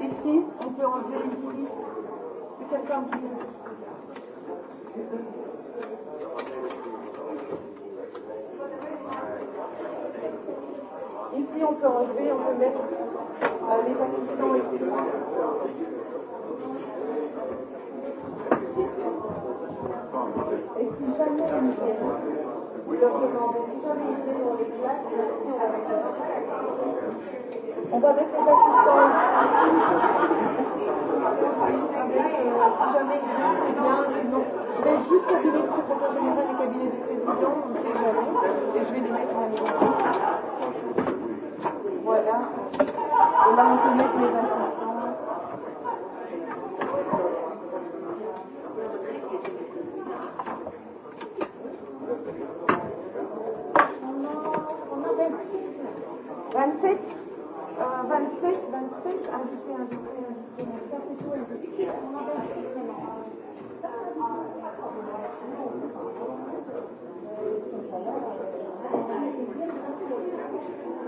Ici, on peut enlever ici. C'est quelqu'un qui. si on peut enlever, on peut mettre euh, les assistants ici. Et si jamais ils viennent, leur si jamais ils viennent dans les classes, on va mettre On va mettre les assistants ici. Si jamais il vient, c'est bien, sinon. Je vais juste cabinet de secrétaire général et cabinet du président, on ne sait jamais, et je vais les mettre en ligne. Voilà. Et là, on peut mettre les euh, assistants. Ah, on a, on a 26. 27 euh, 27, Thank you.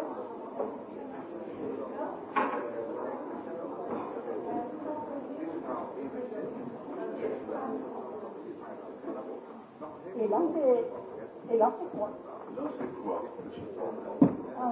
Et là, c'est... quoi là, c'est quoi quoi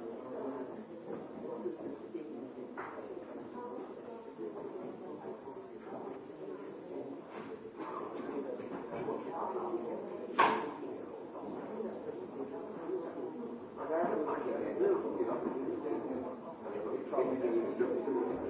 Thank you.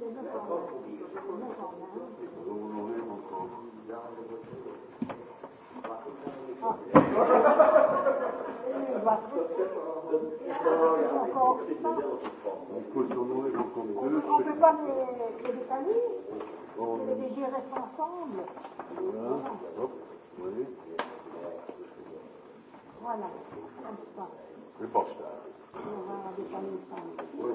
On peut tourner donc ne peut pas les, les ensemble. Voilà. ça. On va détailler ensemble. Oui.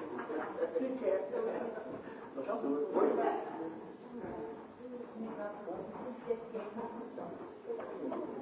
Thank you.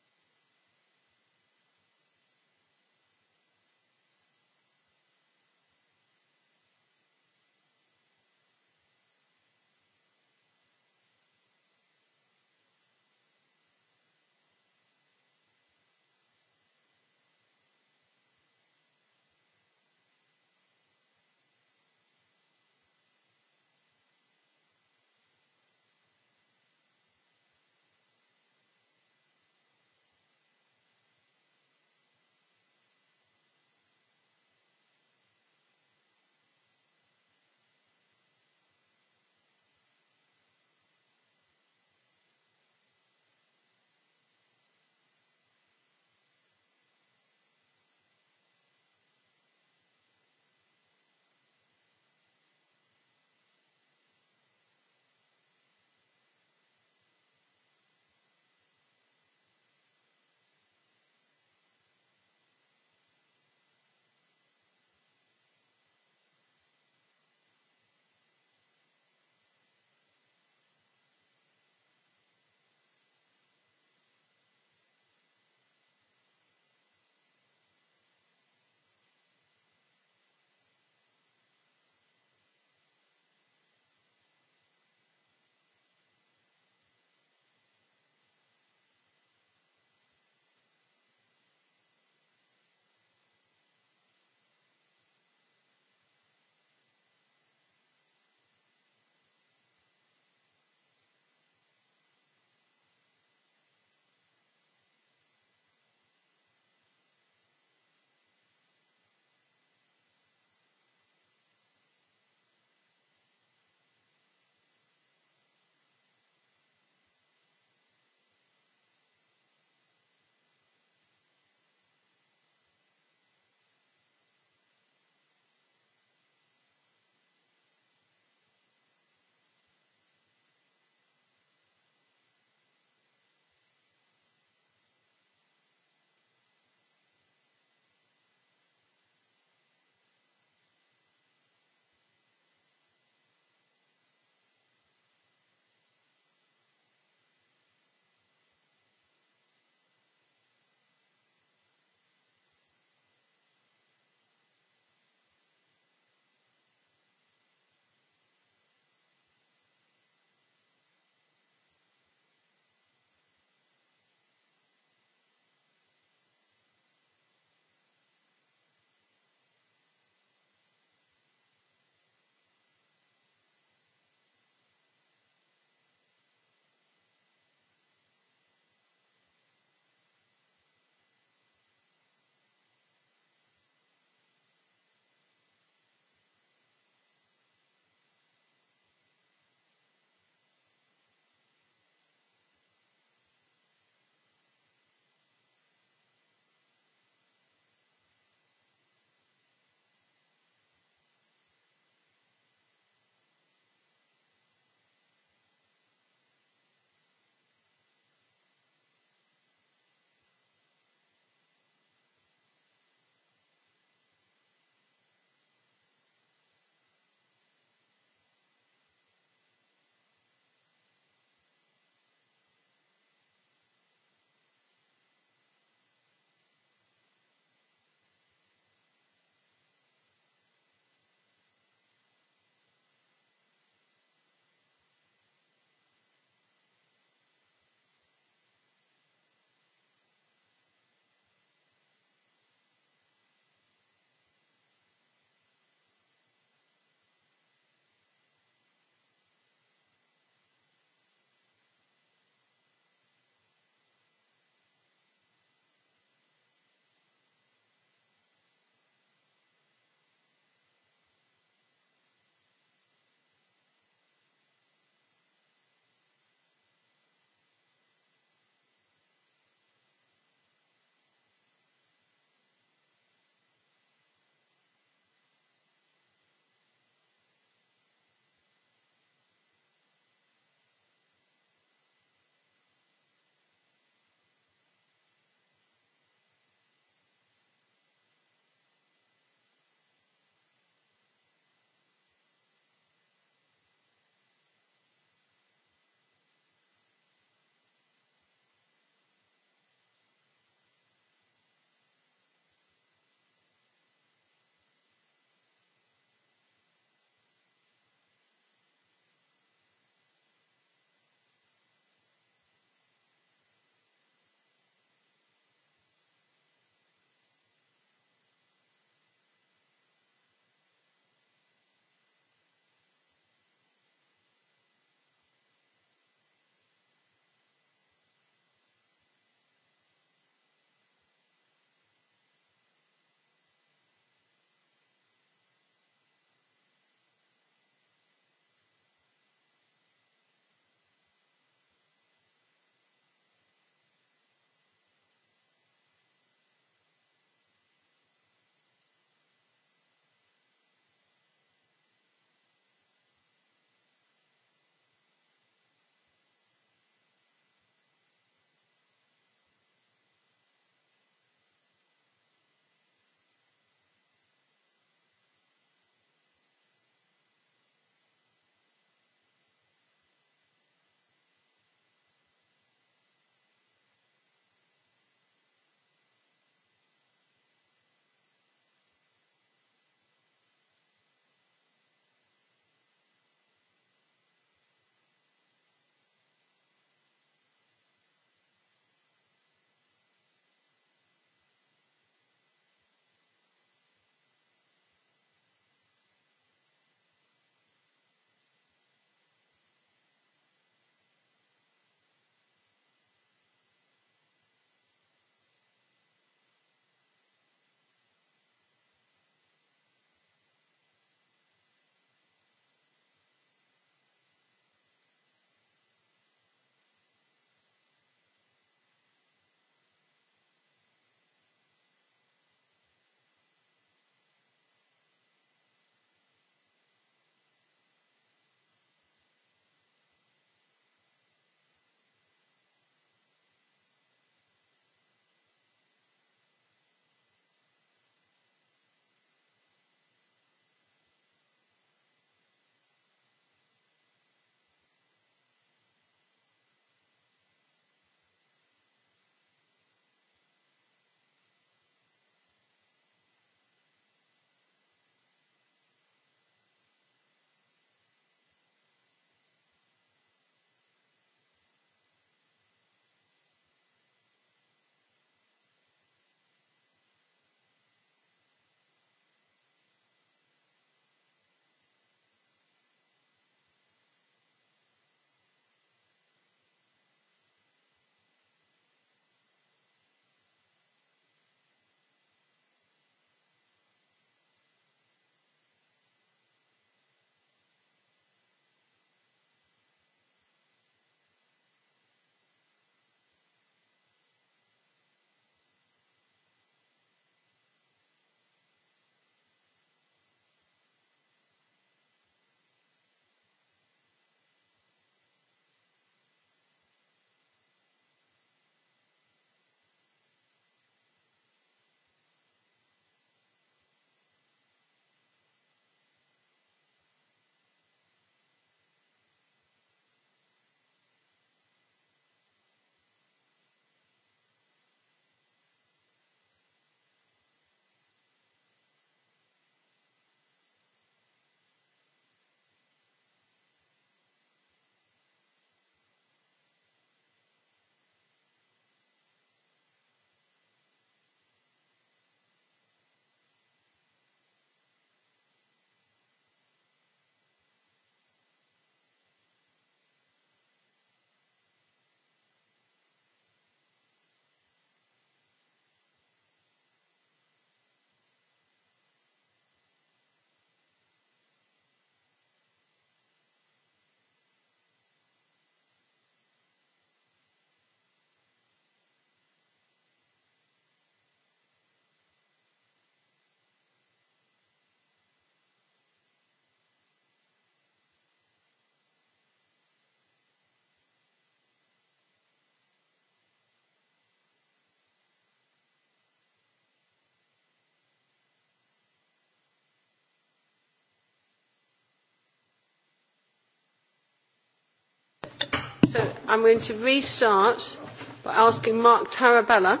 I'm going to restart by asking Mark Tarabella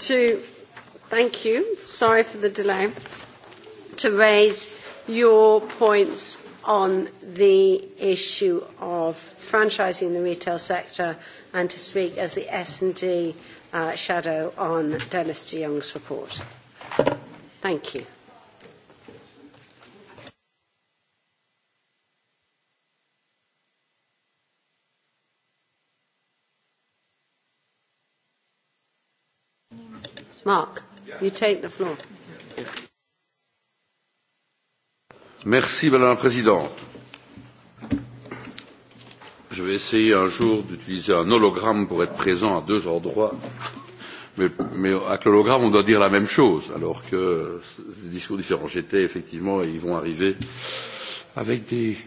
to, thank you, sorry for the delay, to raise your points on the issue of franchising the retail sector and to speak as the S&D uh, shadow on Dennis de Young's report. Thank you. Mark, you take the floor. Merci, Madame la Présidente. Je vais essayer un jour d'utiliser un hologramme pour être présent à deux endroits. Mais, mais avec l'hologramme, on doit dire la même chose, alors que c'est des discours différents. J'étais effectivement, et ils vont arriver avec des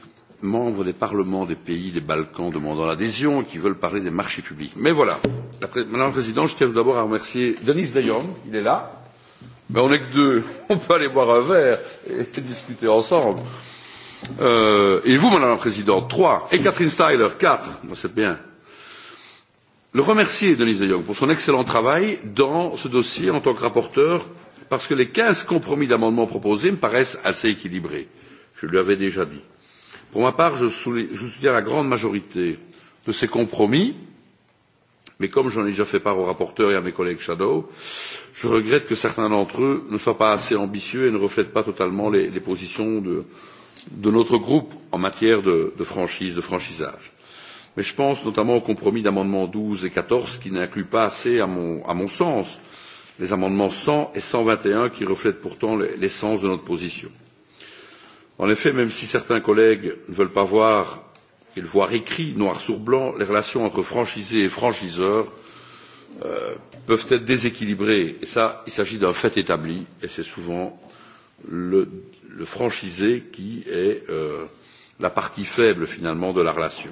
membres des parlements des pays des Balkans demandant l'adhésion et qui veulent parler des marchés publics. Mais voilà, Madame la Présidente, je tiens d'abord à remercier Denis De Jong, il est là, mais on n'est que deux, on peut aller boire un verre et discuter ensemble. Euh, et vous, Madame la Présidente, trois, et Catherine Styler, quatre, moi c'est bien. Le remercier, Denis De Jong, pour son excellent travail dans ce dossier en tant que rapporteur, parce que les quinze compromis d'amendements proposés me paraissent assez équilibrés. Je lui avais déjà dit. Pour ma part, je soutiens la grande majorité de ces compromis, mais comme j'en ai déjà fait part au rapporteur et à mes collègues Shadow, je regrette que certains d'entre eux ne soient pas assez ambitieux et ne reflètent pas totalement les, les positions de, de notre groupe en matière de, de franchise, de franchisage. Mais je pense notamment au compromis d'amendements 12 et 14 qui n'incluent pas assez, à mon, à mon sens, les amendements 100 et 121 qui reflètent pourtant l'essence de notre position. En effet, même si certains collègues ne veulent pas voir, ils voient écrit noir sur blanc, les relations entre franchisés et franchiseurs euh, peuvent être déséquilibrées. Et ça, il s'agit d'un fait établi, et c'est souvent le, le franchisé qui est euh, la partie faible finalement de la relation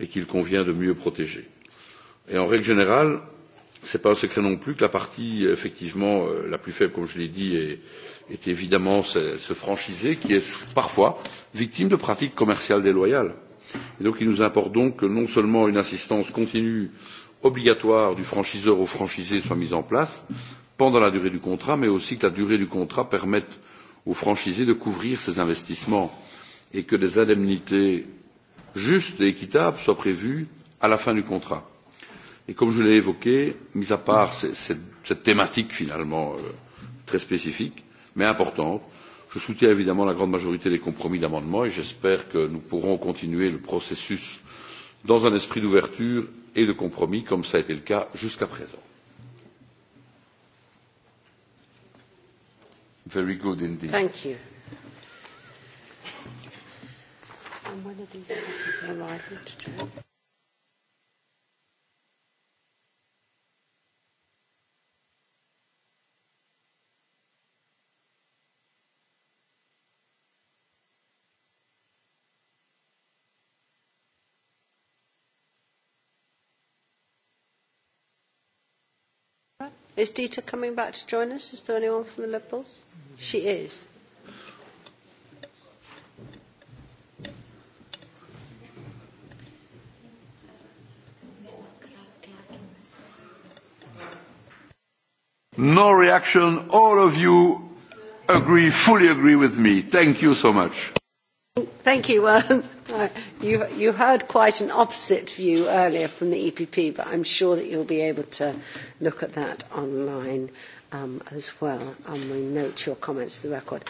et qu'il convient de mieux protéger. Et en règle générale, Ce n'est pas un secret non plus que la partie effectivement euh, la plus faible, comme je l'ai dit, est, est évidemment ce, ce franchisé qui est parfois victime de pratiques commerciales déloyales. Et donc il nous importe donc que non seulement une assistance continue obligatoire du franchiseur au franchisé soit mise en place pendant la durée du contrat, mais aussi que la durée du contrat permette aux franchisés de couvrir ces investissements et que des indemnités justes et équitables soient prévues à la fin du contrat. Et comme je l'ai évoqué, mis à part cette thématique finalement euh, très spécifique, mais importante, je soutiens évidemment la grande majorité des compromis d'amendements et j'espère que nous pourrons continuer le processus dans un esprit d'ouverture et de compromis comme cela a été le cas jusqu'à présent. Very good indeed. Thank you. And these Is Dita coming back to join us? Is there anyone from the Liberals? She is. No reaction. All of you agree, fully agree with me. Thank you so much. Thank you. Uh, you. You heard quite an opposite view earlier from the EPP, but I'm sure that you'll be able to look at that online um, as well, and we note your comments to the record.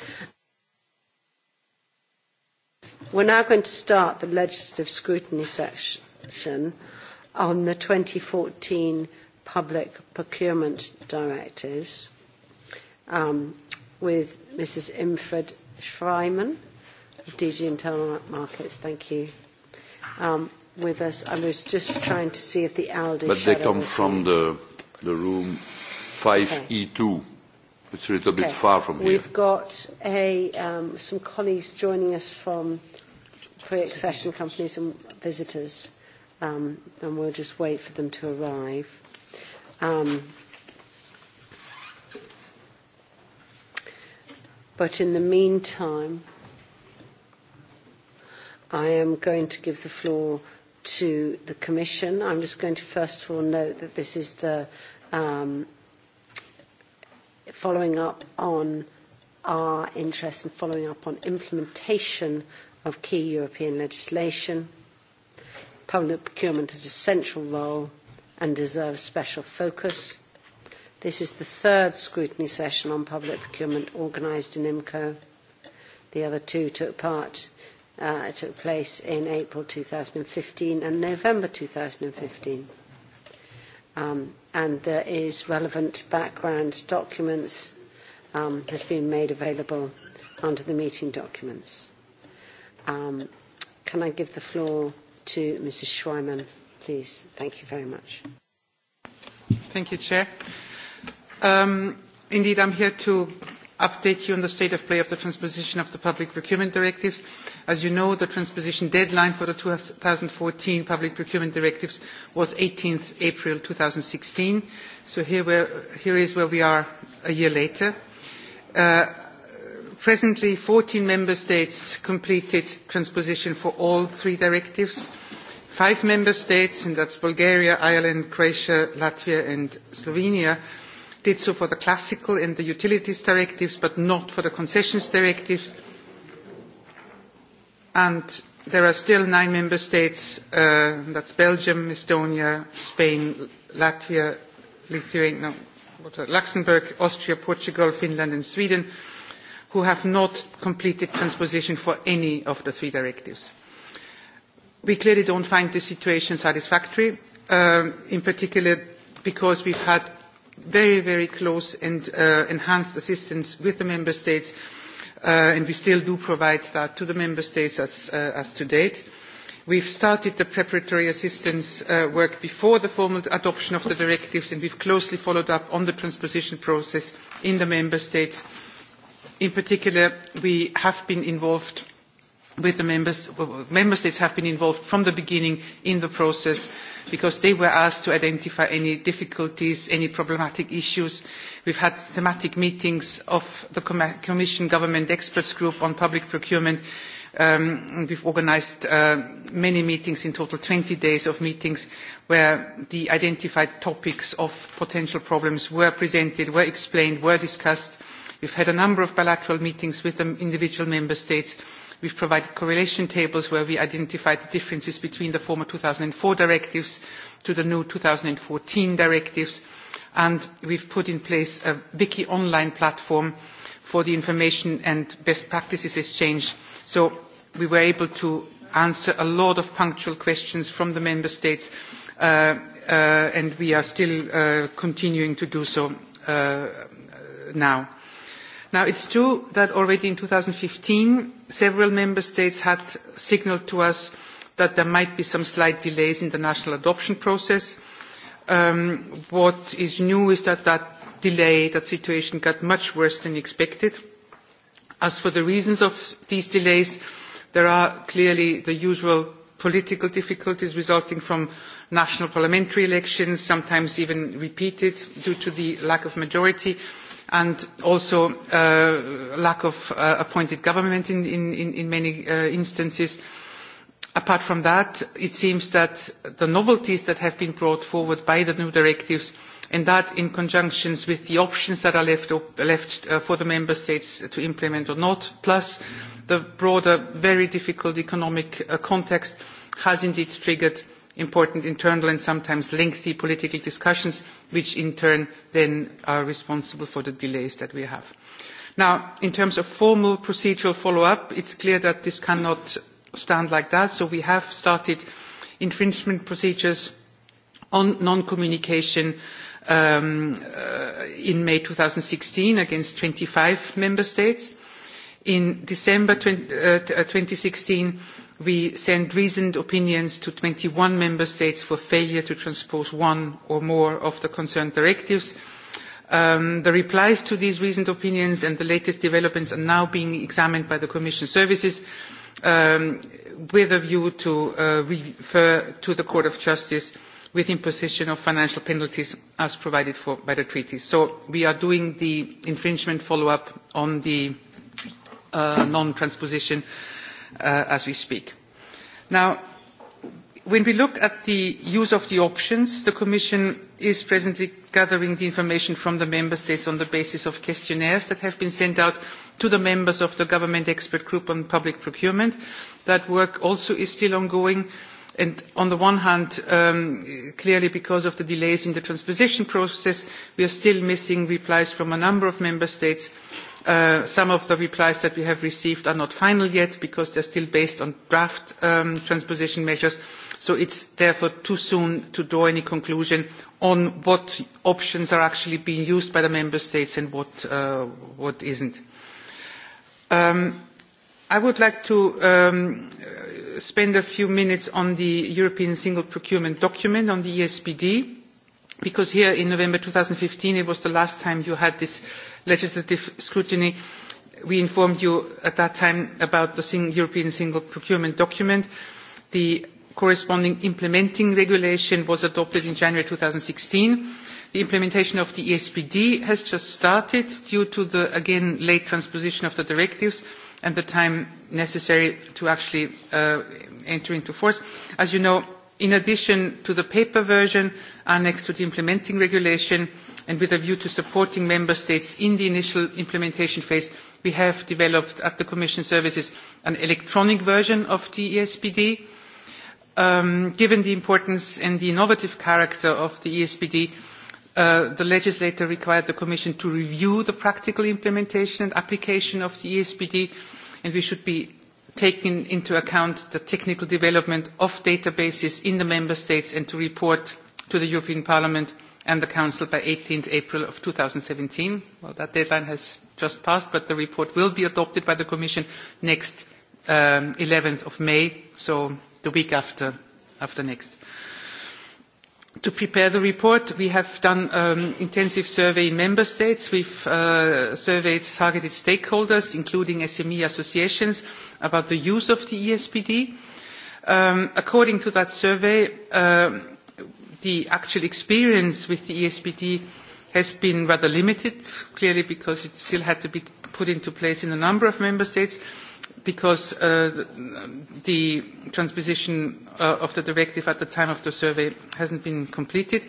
We're now going to start the legislative scrutiny section on the 2014 public procurement directives um, with Mrs. Imfred Schreiman of DG Internal Markets. Thank you. Um, with us, I was just trying to see if the ALDE. But they come from the, the room 5E2. Okay. E It's a little okay. bit far from We've here. We've got a, um, some colleagues joining us from pre-accession companies and visitors, um, and we'll just wait for them to arrive. Um, but in the meantime, I am going to give the floor to the Commission. I'm just going to first of all note that this is the um, following up on our interest and in following up on implementation of key European legislation. Public procurement has a central role and deserves special focus. This is the third scrutiny session on public procurement organised in IMCO. The other two took part Uh, it took place in April 2015 and November 2015. Um, and there is relevant background documents um, has been made available under the meeting documents. Um, can I give the floor to Mrs. Schweiman, please? Thank you very much. Thank you, Chair. Um, indeed, I'm here to update you on the state of play of the transposition of the public procurement directives. As you know, the transposition deadline for the 2014 public procurement directives was 18th April 2016. So here, we're, here is where we are a year later. Uh, presently, 14 member states completed transposition for all three directives. Five member states, and that's Bulgaria, Ireland, Croatia, Latvia and Slovenia, did so for the classical and the utilities directives, but not for the concessions directives. And there are still nine member states, uh, that's Belgium, Estonia, Spain, Latvia, Lithuania, no, uh, Luxembourg, Austria, Portugal, Finland and Sweden, who have not completed transposition for any of the three directives. We clearly don't find this situation satisfactory, um, in particular because we've had very, very close and uh, enhanced assistance with the Member States, uh, and we still do provide that to the Member States as, uh, as to date. We've started the preparatory assistance uh, work before the formal adoption of the directives, and we've closely followed up on the transposition process in the Member States. In particular, we have been involved with the members, member states have been involved from the beginning in the process because they were asked to identify any difficulties, any problematic issues. We've had thematic meetings of the Commission Government Experts Group on Public Procurement. Um, we've organized uh, many meetings, in total 20 days of meetings, where the identified topics of potential problems were presented, were explained, were discussed. We've had a number of bilateral meetings with the individual member states We've provided correlation tables where we identified the differences between the former 2004 directives to the new 2014 directives. And we've put in place a Wiki online platform for the information and best practices exchange. So we were able to answer a lot of punctual questions from the member states uh, uh, and we are still uh, continuing to do so uh, now. Now, it's true that already in 2015, several member states had signalled to us that there might be some slight delays in the national adoption process. Um, what is new is that that delay, that situation got much worse than expected. As for the reasons of these delays, there are clearly the usual political difficulties resulting from national parliamentary elections, sometimes even repeated due to the lack of majority and also uh, lack of uh, appointed government in, in, in many uh, instances. Apart from that, it seems that the novelties that have been brought forward by the new directives and that in conjunction with the options that are left, left uh, for the member states to implement or not, plus the broader, very difficult economic uh, context has indeed triggered important internal and sometimes lengthy political discussions, which in turn then are responsible for the delays that we have. Now, in terms of formal procedural follow-up, it's clear that this cannot stand like that, so we have started infringement procedures on non-communication um, uh, in May sixteen against twenty five member states. In December 20, uh, 2016, uh, we send reasoned opinions to twenty one member states for failure to transpose one or more of the concerned directives. Um, the replies to these reasoned opinions and the latest developments are now being examined by the Commission services um, with a view to uh, refer to the Court of Justice with imposition of financial penalties as provided for by the treaty. So we are doing the infringement follow-up on the uh, non-transposition uh, uh, as we speak. Now, when we look at the use of the options, the Commission is presently gathering the information from the Member States on the basis of questionnaires that have been sent out to the members of the Government Expert Group on Public Procurement. That work also is still ongoing. And on the one hand, um, clearly because of the delays in the transposition process, we are still missing replies from a number of member states. Uh, some of the replies that we have received are not final yet because they are still based on draft um, transposition measures. So it is therefore too soon to draw any conclusion on what options are actually being used by the member states and what, uh, what isn't. Um, I would like to um, spend a few minutes on the European Single Procurement Document, on the ESPD, because here in November fifteen it was the last time you had this legislative scrutiny. We informed you at that time about the European Single Procurement Document. The corresponding implementing regulation was adopted in January sixteen. The implementation of the ESPD has just started due to the, again, late transposition of the directives and the time necessary to actually uh, enter into force. As you know, in addition to the paper version annexed to the implementing regulation and with a view to supporting member states in the initial implementation phase, we have developed at the Commission Services an electronic version of the ESPD. Um, given the importance and the innovative character of the ESPD, uh, the legislator required the Commission to review the practical implementation and application of the ESPD and we should be taking into account the technical development of databases in the member states and to report to the European Parliament and the Council by 18th April of 2017. Well, that deadline has just passed, but the report will be adopted by the Commission next um, 11th of May, so the week after, after next to prepare the report, we have done um, intensive survey in member states. We've uh, surveyed targeted stakeholders, including SME associations, about the use of the ESPD. Um, according to that survey, uh, the actual experience with the ESPD has been rather limited, clearly because it still had to be put into place in a number of member states because uh, the transposition uh, of the directive at the time of the survey hasn't been completed.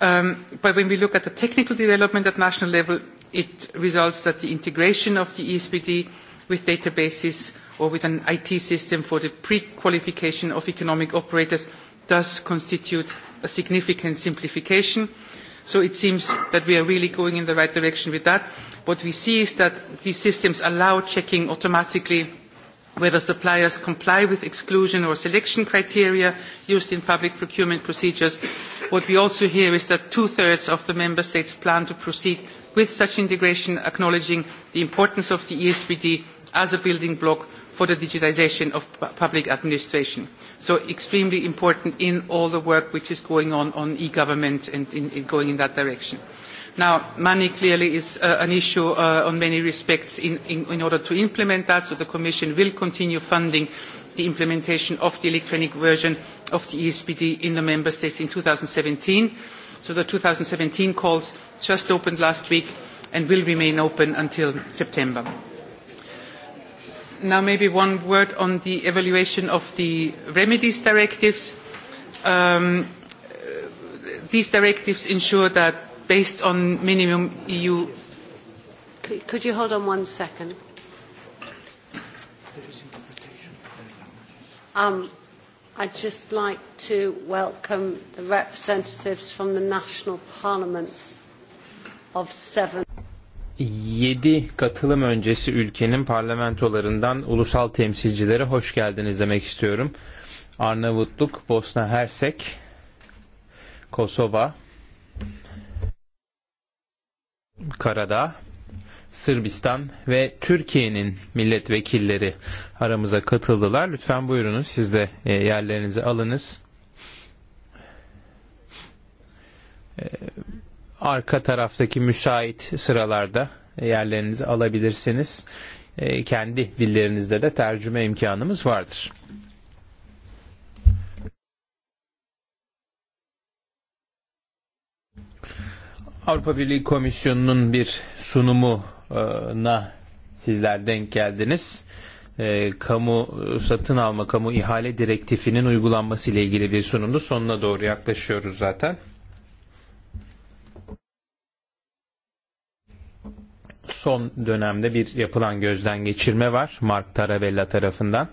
Um, but when we look at the technical development at national level, it results that the integration of the ESPD with databases or with an IT system for the pre-qualification of economic operators does constitute a significant simplification. Uh, So it seems that we are really going in the right direction with that. What we see is that these systems allow checking automatically whether suppliers comply with exclusion or selection criteria used in public procurement procedures. What we also hear is that two-thirds of the Member States plan to proceed with such integration, acknowledging the importance of the ESPD as a building block for the digitization of public administration. So extremely important in all the work which is going on on e-government and in, in going in that direction. Now, money clearly is uh, an issue uh, on many respects in, in, in order to implement that, so the Commission will continue funding the implementation of the electronic version of the ESPD in the Member States in 2017. So the 2017 calls just opened last week and will remain open until September now maybe one word on the evaluation of the remedies directives. Um, these directives ensure that based on minimum EU... Could, could you hold on one second? Um, I'd just like to welcome the representatives from the national parliaments of seven... 7 katılım öncesi ülkenin parlamentolarından ulusal temsilcilere hoş geldiniz demek istiyorum. Arnavutluk, Bosna Hersek, Kosova, Karadağ, Sırbistan ve Türkiye'nin milletvekilleri aramıza katıldılar. Lütfen buyurunuz siz de e, yerlerinizi alınız. E, arka taraftaki müsait sıralarda yerleriniz alabilirsiniz. E, kendi dillerinizde de tercüme imkanımız vardır. Avrupa Birliği Komisyonu'nun bir sunumuna sizler denk geldiniz. E, kamu satın alma, kamu ihale direktifinin uygulanması ile ilgili bir sunumdu. Sonuna doğru yaklaşıyoruz zaten. son dönemde bir yapılan gözden geçirme var Mark Tarabella tarafından.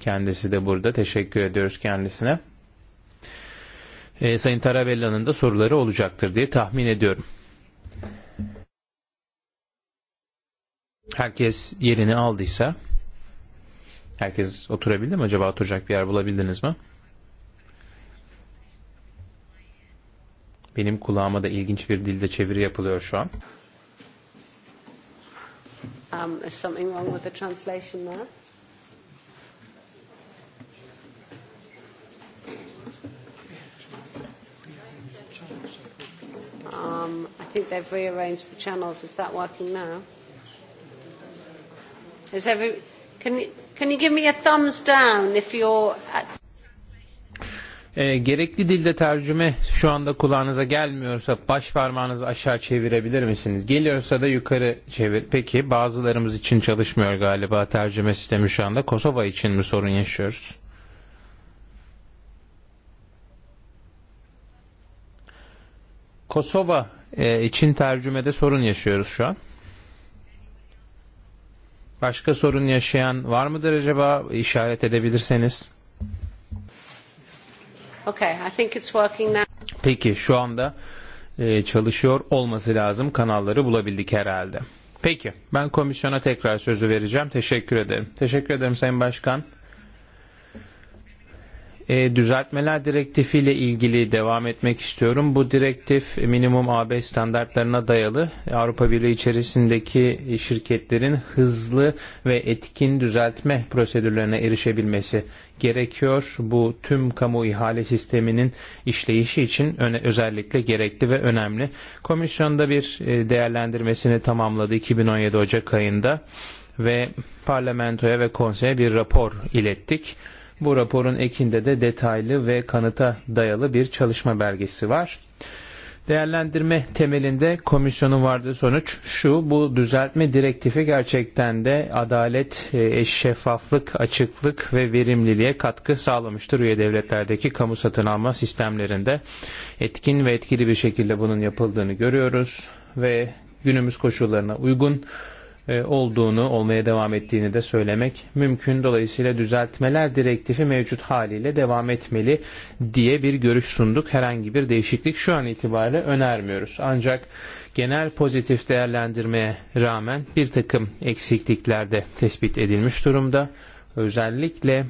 Kendisi de burada. Teşekkür ediyoruz kendisine. E, Sayın Tarabella'nın da soruları olacaktır diye tahmin ediyorum. Herkes yerini aldıysa herkes oturabildi mi acaba oturacak bir yer bulabildiniz mi? Benim kulağıma da ilginç bir dilde çeviri yapılıyor şu an. Um, is something wrong with the translation there? Um, I think they've rearranged the channels. Is that working now? Is every, can, you, can you give me a thumbs down if you're... At E, gerekli dilde tercüme şu anda kulağınıza gelmiyorsa baş parmağınızı aşağı çevirebilir misiniz? Geliyorsa da yukarı çevir. Peki bazılarımız için çalışmıyor galiba tercüme sistemi şu anda. Kosova için mi sorun yaşıyoruz? Kosova e, için tercümede sorun yaşıyoruz şu an. Başka sorun yaşayan var mıdır acaba? İşaret edebilirseniz. Okay, I think it's working now. Peki şu anda e, çalışıyor olması lazım. Kanalları bulabildik herhalde. Peki ben komisyona tekrar sözü vereceğim. Teşekkür ederim. Teşekkür ederim Sayın Başkan. E, düzeltmeler direktifi ile ilgili devam etmek istiyorum. Bu direktif minimum AB standartlarına dayalı Avrupa Birliği içerisindeki şirketlerin hızlı ve etkin düzeltme prosedürlerine erişebilmesi gerekiyor. Bu tüm kamu ihale sisteminin işleyişi için öne, özellikle gerekli ve önemli. Komisyonda bir e, değerlendirmesini tamamladı 2017 Ocak ayında ve parlamentoya ve konseye bir rapor ilettik. Bu raporun ekinde de detaylı ve kanıta dayalı bir çalışma belgesi var. Değerlendirme temelinde komisyonun vardığı sonuç şu, bu düzeltme direktifi gerçekten de adalet, e, şeffaflık, açıklık ve verimliliğe katkı sağlamıştır üye devletlerdeki kamu satın alma sistemlerinde. Etkin ve etkili bir şekilde bunun yapıldığını görüyoruz ve günümüz koşullarına uygun E, olduğunu olmaya devam ettiğini de söylemek mümkün. Dolayısıyla düzeltmeler direktifi mevcut haliyle devam etmeli diye bir görüş sunduk. Herhangi bir değişiklik şu an itibariyle önermiyoruz. Ancak genel pozitif değerlendirmeye rağmen bir takım eksiklikler de tespit edilmiş durumda. Özellikle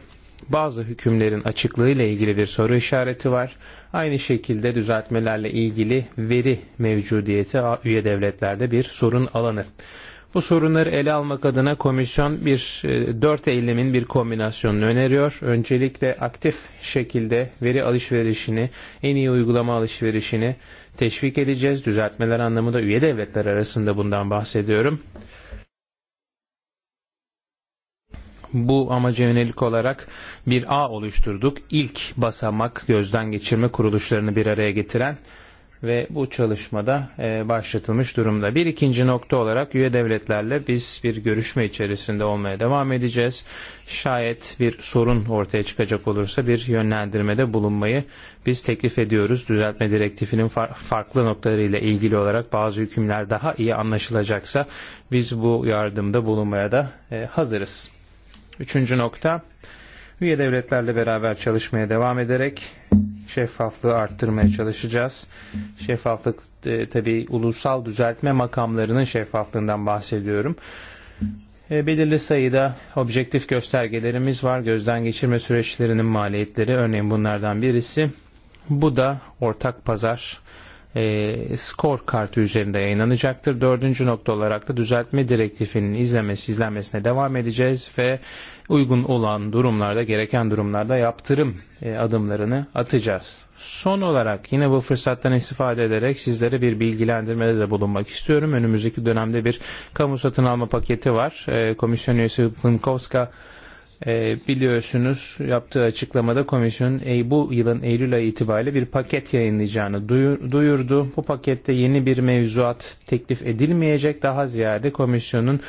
bazı hükümlerin açıklığı ile ilgili bir soru işareti var. Aynı şekilde düzeltmelerle ilgili veri mevcudiyeti üye devletlerde bir sorun alanı. Bu sorunları ele almak adına komisyon bir e, dört eylemin bir kombinasyonunu öneriyor. Öncelikle aktif şekilde veri alışverişini, en iyi uygulama alışverişini teşvik edeceğiz. Düzeltmeler anlamında üye devletler arasında bundan bahsediyorum. bu amaca yönelik olarak bir ağ oluşturduk. İlk basamak gözden geçirme kuruluşlarını bir araya getiren ve bu çalışmada e, başlatılmış durumda. Bir ikinci nokta olarak üye devletlerle biz bir görüşme içerisinde olmaya devam edeceğiz. Şayet bir sorun ortaya çıkacak olursa bir yönlendirmede bulunmayı biz teklif ediyoruz. Düzeltme direktifinin far farklı noktalarıyla ilgili olarak bazı hükümler daha iyi anlaşılacaksa biz bu yardımda bulunmaya da e, hazırız. Üçüncü nokta, üye devletlerle beraber çalışmaya devam ederek xejf hafta arttırmaya çalışacağız. Şeffaflık e, tabi ulusal düzeltme makamlarının şeffaflığından bahsediyorum. E, belirli sayıda objektif göstergelerimiz var. Gözden geçirme süreçlerinin maliyetleri örneğin bunlardan birisi. Bu da ortak pazar E, scorecard üzerinde yayınlanacaktır. Dördüncü nokta olarak da düzeltme direktifinin izlemesi izlenmesine devam edeceğiz ve uygun olan durumlarda gereken durumlarda yaptırım e, adımlarını atacağız. Son olarak yine bu fırsattan istifade ederek sizlere bir bilgilendirmede de bulunmak istiyorum. Önümüzdeki dönemde bir kamu satın alma paketi var. E, komisyon üyesi Pınkovska e, biliyorsunuz yaptığı açıklamada komisyon e, bu yılın Eylül ayı itibariyle bir paket yayınlayacağını duyur, duyurdu. Bu pakette yeni bir mevzuat teklif edilmeyecek daha ziyade komisyonun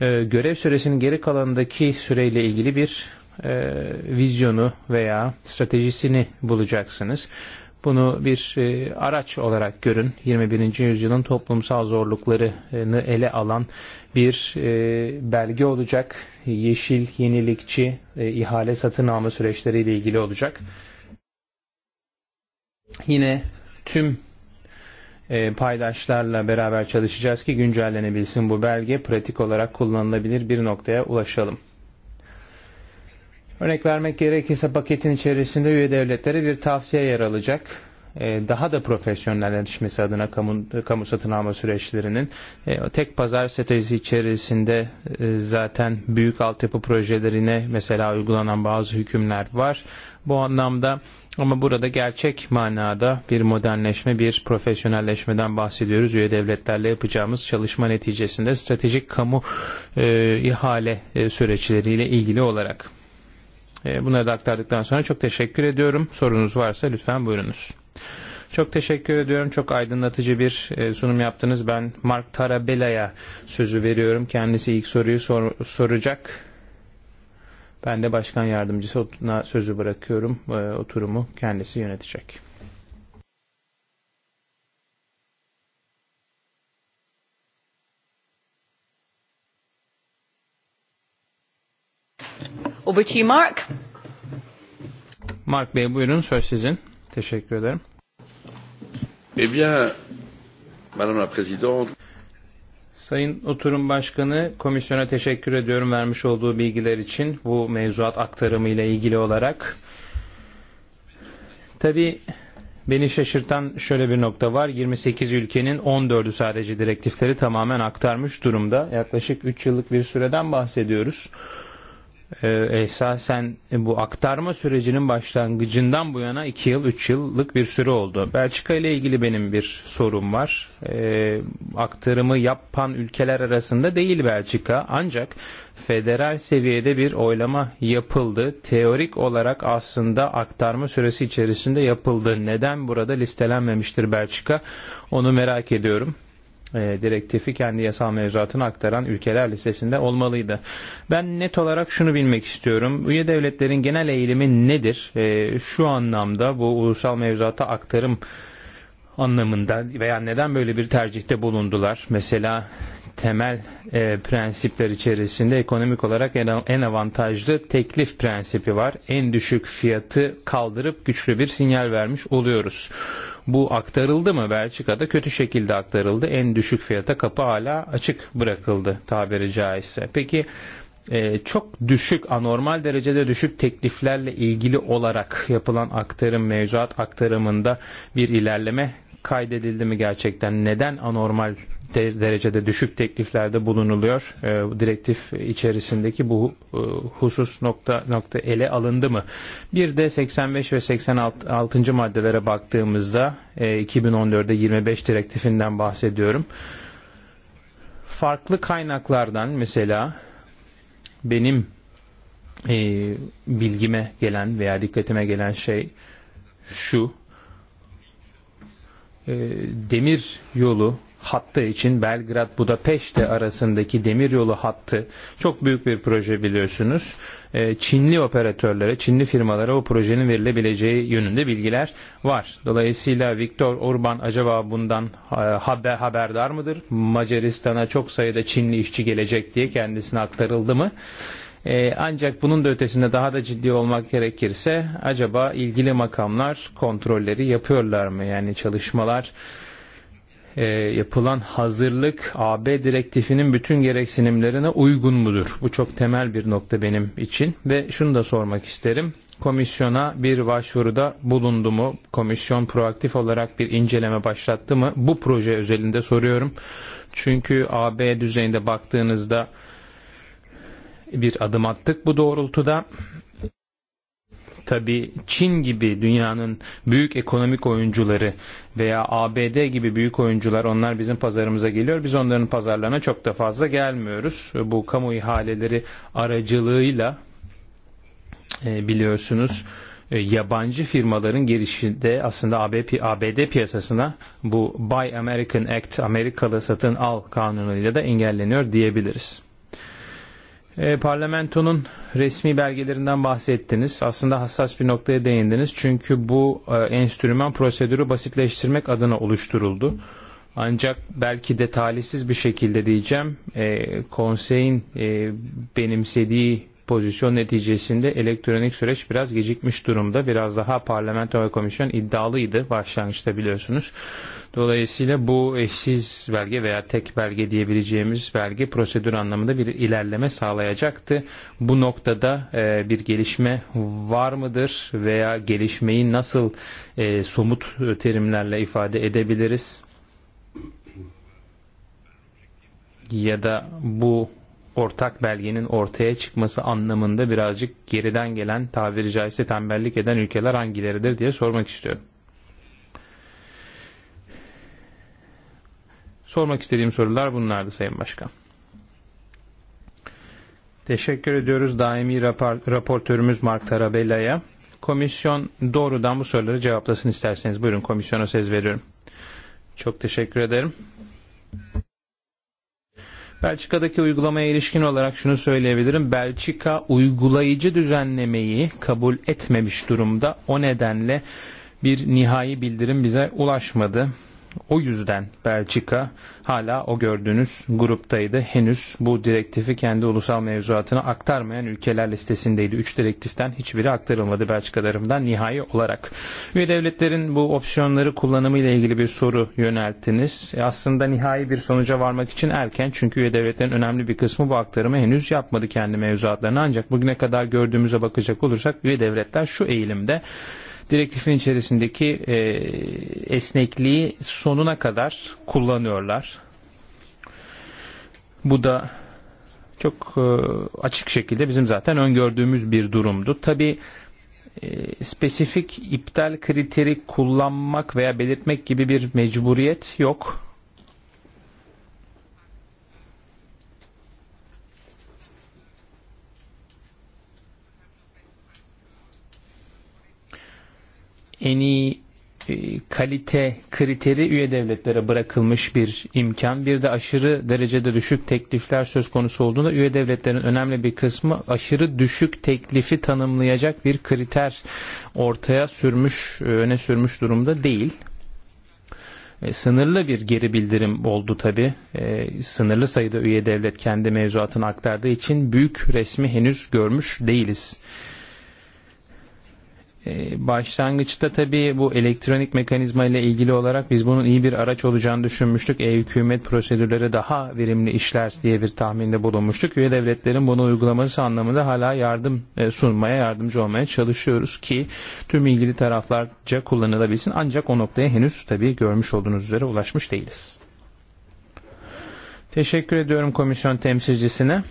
e, görev süresinin geri kalanındaki süreyle ilgili bir e, vizyonu veya stratejisini bulacaksınız bunu bir e, araç olarak görün. 21. yüzyılın toplumsal zorluklarını ele alan bir e, belge olacak. Yeşil, yenilikçi, e, ihale satın alma süreçleriyle ilgili olacak. Yine tüm e, paydaşlarla beraber çalışacağız ki güncellenebilsin bu belge pratik olarak kullanılabilir bir noktaya ulaşalım. Örnek vermek gerekirse paketin içerisinde üye devletlere bir tavsiye yer alacak. E, daha da profesyonelleşmesi adına kamu, kamu satın alma süreçlerinin e, tek pazar stratejisi içerisinde e, zaten büyük altyapı projelerine mesela uygulanan bazı hükümler var. Bu anlamda ama burada gerçek manada bir modernleşme, bir profesyonelleşmeden bahsediyoruz. Üye devletlerle yapacağımız çalışma neticesinde stratejik kamu e, ihale süreçleriyle ilgili olarak. E, buna da aktardıktan sonra çok teşekkür ediyorum. Sorunuz varsa lütfen buyurunuz. Çok teşekkür ediyorum. Çok aydınlatıcı bir e, sunum yaptınız. Ben Mark Tarabella'ya sözü veriyorum. Kendisi ilk soruyu sor soracak. Ben de başkan yardımcısına sözü bırakıyorum. E, oturumu kendisi yönetecek. Over to you, Mark. Mark Bey, buyurun söz season. Teşekkür ederim. Eh bien, Madame la Présidente. Sayın Oturum Başkanı, komisyona teşekkür ediyorum vermiş olduğu bilgiler için bu mevzuat aktarımı ile ilgili olarak. Tabi Beni şaşırtan şöyle bir nokta var. 28 ülkenin 14'ü sadece direktifleri tamamen aktarmış durumda. Yaklaşık 3 yıllık bir süreden bahsediyoruz. Eh, esasen bu aktarma sürecinin başlangıcından bu yana 2 yıl 3 yıllık bir süre oldu. Belçika ile ilgili benim bir sorum var. E, aktarımı yapan ülkeler arasında değil Belçika ancak federal seviyede bir oylama yapıldı. Teorik olarak aslında aktarma süresi içerisinde yapıldı. Neden burada listelenmemiştir Belçika onu merak ediyorum. E, direktifi kendi yasal mevzuatına aktaran ülkeler listesinde olmalıydı. Ben net olarak şunu bilmek istiyorum. Üye devletlerin genel eğilimi nedir? E, şu anlamda bu ulusal mevzuata aktarım anlamında veya neden böyle bir tercihte bulundular? Mesela temel e, prensipler içerisinde ekonomik olarak en, en avantajlı teklif prensibi var. En düşük fiyatı kaldırıp güçlü bir sinyal vermiş oluyoruz. Bu aktarıldı mı? Belçika'da kötü şekilde aktarıldı. En düşük fiyata kapı hala açık bırakıldı tabiri caizse. Peki e, çok düşük, anormal derecede düşük tekliflerle ilgili olarak yapılan aktarım, mevzuat aktarımında bir ilerleme kaydedildi mi gerçekten? Neden anormal derecede düşük tekliflerde bulunuluyor. E, Direktif içerisindeki bu e, husus nokta nokta ele alındı mı? Bir de 85 ve 86. maddelere baktığımızda e, 2014'de 25 direktifinden bahsediyorum. Farklı kaynaklardan mesela benim e, bilgime gelen veya dikkatime gelen şey şu e, demir yolu hattı için Belgrad-Budapeşte arasındaki demiryolu hattı çok büyük bir proje biliyorsunuz. Çinli operatörlere, Çinli firmalara o projenin verilebileceği yönünde bilgiler var. Dolayısıyla Viktor Orban acaba bundan e, haber haberdar mıdır? Macaristan'a çok sayıda Çinli işçi gelecek diye kendisine aktarıldı mı? Ancak bunun da ötesinde daha da ciddi olmak gerekirse acaba ilgili makamlar kontrolleri yapıyorlar mı? Yani çalışmalar e, yapılan hazırlık AB direktifinin bütün gereksinimlerine uygun mudur? Bu çok temel bir nokta benim için ve şunu da sormak isterim. Komisyona bir başvuruda bulundu mu? Komisyon proaktif olarak bir inceleme başlattı mı? Bu proje özelinde soruyorum. Çünkü AB düzeyinde baktığınızda bir adım attık bu doğrultuda tabi Çin gibi dünyanın büyük ekonomik oyuncuları veya ABD gibi büyük oyuncular onlar bizim pazarımıza geliyor. Biz onların pazarlarına çok da fazla gelmiyoruz. Bu kamu ihaleleri aracılığıyla e, biliyorsunuz e, yabancı firmaların girişinde aslında ABD piyasasına bu Buy American Act Amerikalı satın al kanunuyla da engelleniyor diyebiliriz. E, Parlamentonun resmi belgelerinden bahsettiniz. Aslında hassas bir noktaya değindiniz. Çünkü bu e, enstrüman prosedürü basitleştirmek adına oluşturuldu. Ancak belki de talihsiz bir şekilde diyeceğim e, konseyin e, benimsediği pozisyon neticesinde elektronik süreç biraz gecikmiş durumda. Biraz daha parlamento ve komisyon iddialıydı başlangıçta biliyorsunuz. Dolayısıyla bu eşsiz belge veya tek belge diyebileceğimiz belge prosedür anlamında bir ilerleme sağlayacaktı. Bu noktada e, bir gelişme var mıdır veya gelişmeyi nasıl e, somut terimlerle ifade edebiliriz? Ya da bu ortak belgenin ortaya çıkması anlamında birazcık geriden gelen tabiri caizse tembellik eden ülkeler hangileridir diye sormak istiyorum. sormak istediğim sorular bunlardı Sayın Başkan. Teşekkür ediyoruz daimi rapor raportörümüz Mark Tarabella'ya. Komisyon doğrudan bu soruları cevaplasın isterseniz. Buyurun komisyona söz veriyorum. Çok teşekkür ederim. Belçika'daki uygulamaya ilişkin olarak şunu söyleyebilirim. Belçika uygulayıcı düzenlemeyi kabul etmemiş durumda. O nedenle bir nihai bildirim bize ulaşmadı. O yüzden Belçika hala o gördüğünüz gruptaydı. Henüz bu direktifi kendi ulusal mevzuatına aktarmayan ülkeler listesindeydi. Üç direktiften hiçbiri aktarılmadı Belçika tarafından nihai olarak. Üye devletlerin bu opsiyonları kullanımı ile ilgili bir soru yönelttiniz. E aslında nihai bir sonuca varmak için erken çünkü üye devletlerin önemli bir kısmı bu aktarımı henüz yapmadı kendi mevzuatlarına. Ancak bugüne kadar gördüğümüze bakacak olursak üye devletler şu eğilimde direktifin içerisindeki e, esnekliği sonuna kadar kullanıyorlar. Bu da çok e, açık şekilde bizim zaten öngördüğümüz bir durumdu. Tabi e, spesifik iptal kriteri kullanmak veya belirtmek gibi bir mecburiyet yok. en iyi e, kalite kriteri üye devletlere bırakılmış bir imkan. Bir de aşırı derecede düşük teklifler söz konusu olduğunda üye devletlerin önemli bir kısmı aşırı düşük teklifi tanımlayacak bir kriter ortaya sürmüş, e, öne sürmüş durumda değil. E, sınırlı bir geri bildirim oldu tabi. sınırlı sayıda üye devlet kendi mevzuatını aktardığı için büyük resmi henüz görmüş değiliz. E, başlangıçta tabi bu elektronik mekanizma ile ilgili olarak biz bunun iyi bir araç olacağını düşünmüştük. E-hükümet prosedürleri daha verimli işler diye bir tahminde bulunmuştuk. Üye devletlerin bunu uygulaması anlamında hala yardım e, sunmaya, yardımcı olmaya çalışıyoruz ki tüm ilgili taraflarca kullanılabilsin. Ancak o noktaya henüz tabi görmüş olduğunuz üzere ulaşmış değiliz. Teşekkür ediyorum komisyon temsilcisine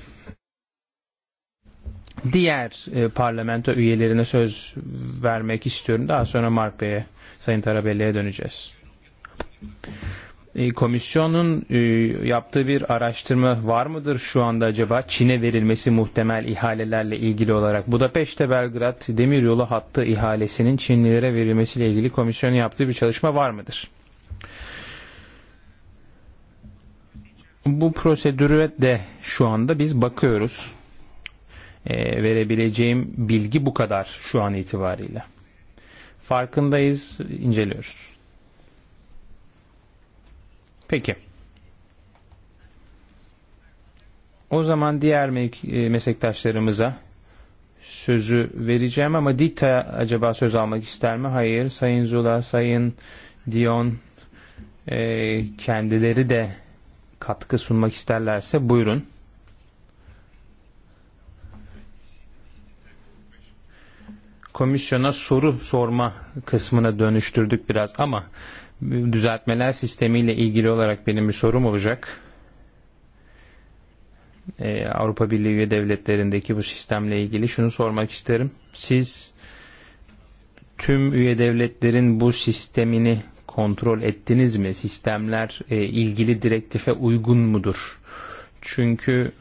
diğer e, parlamento üyelerine söz vermek istiyorum. Daha sonra Mark Bey'e, Sayın Tarabelli'ye döneceğiz. E, komisyonun e, yaptığı bir araştırma var mıdır şu anda acaba Çin'e verilmesi muhtemel ihalelerle ilgili olarak? Budapeşte Belgrad demiryolu hattı ihalesinin Çinlilere verilmesiyle ilgili komisyonun yaptığı bir çalışma var mıdır? Bu prosedüre de şu anda biz bakıyoruz E, verebileceğim bilgi bu kadar şu an itibariyle. Farkındayız, inceliyoruz. Peki. O zaman diğer e, meslektaşlarımıza sözü vereceğim ama Dita acaba söz almak ister mi? Hayır. Sayın Zula, Sayın Dion e, kendileri de katkı sunmak isterlerse buyurun. komisyona soru sorma kısmına dönüştürdük biraz ama düzeltmeler sistemiyle ilgili olarak benim bir sorum olacak. Ee, Avrupa Birliği üye devletlerindeki bu sistemle ilgili şunu sormak isterim. Siz tüm üye devletlerin bu sistemini kontrol ettiniz mi? Sistemler e, ilgili direktife uygun mudur? Çünkü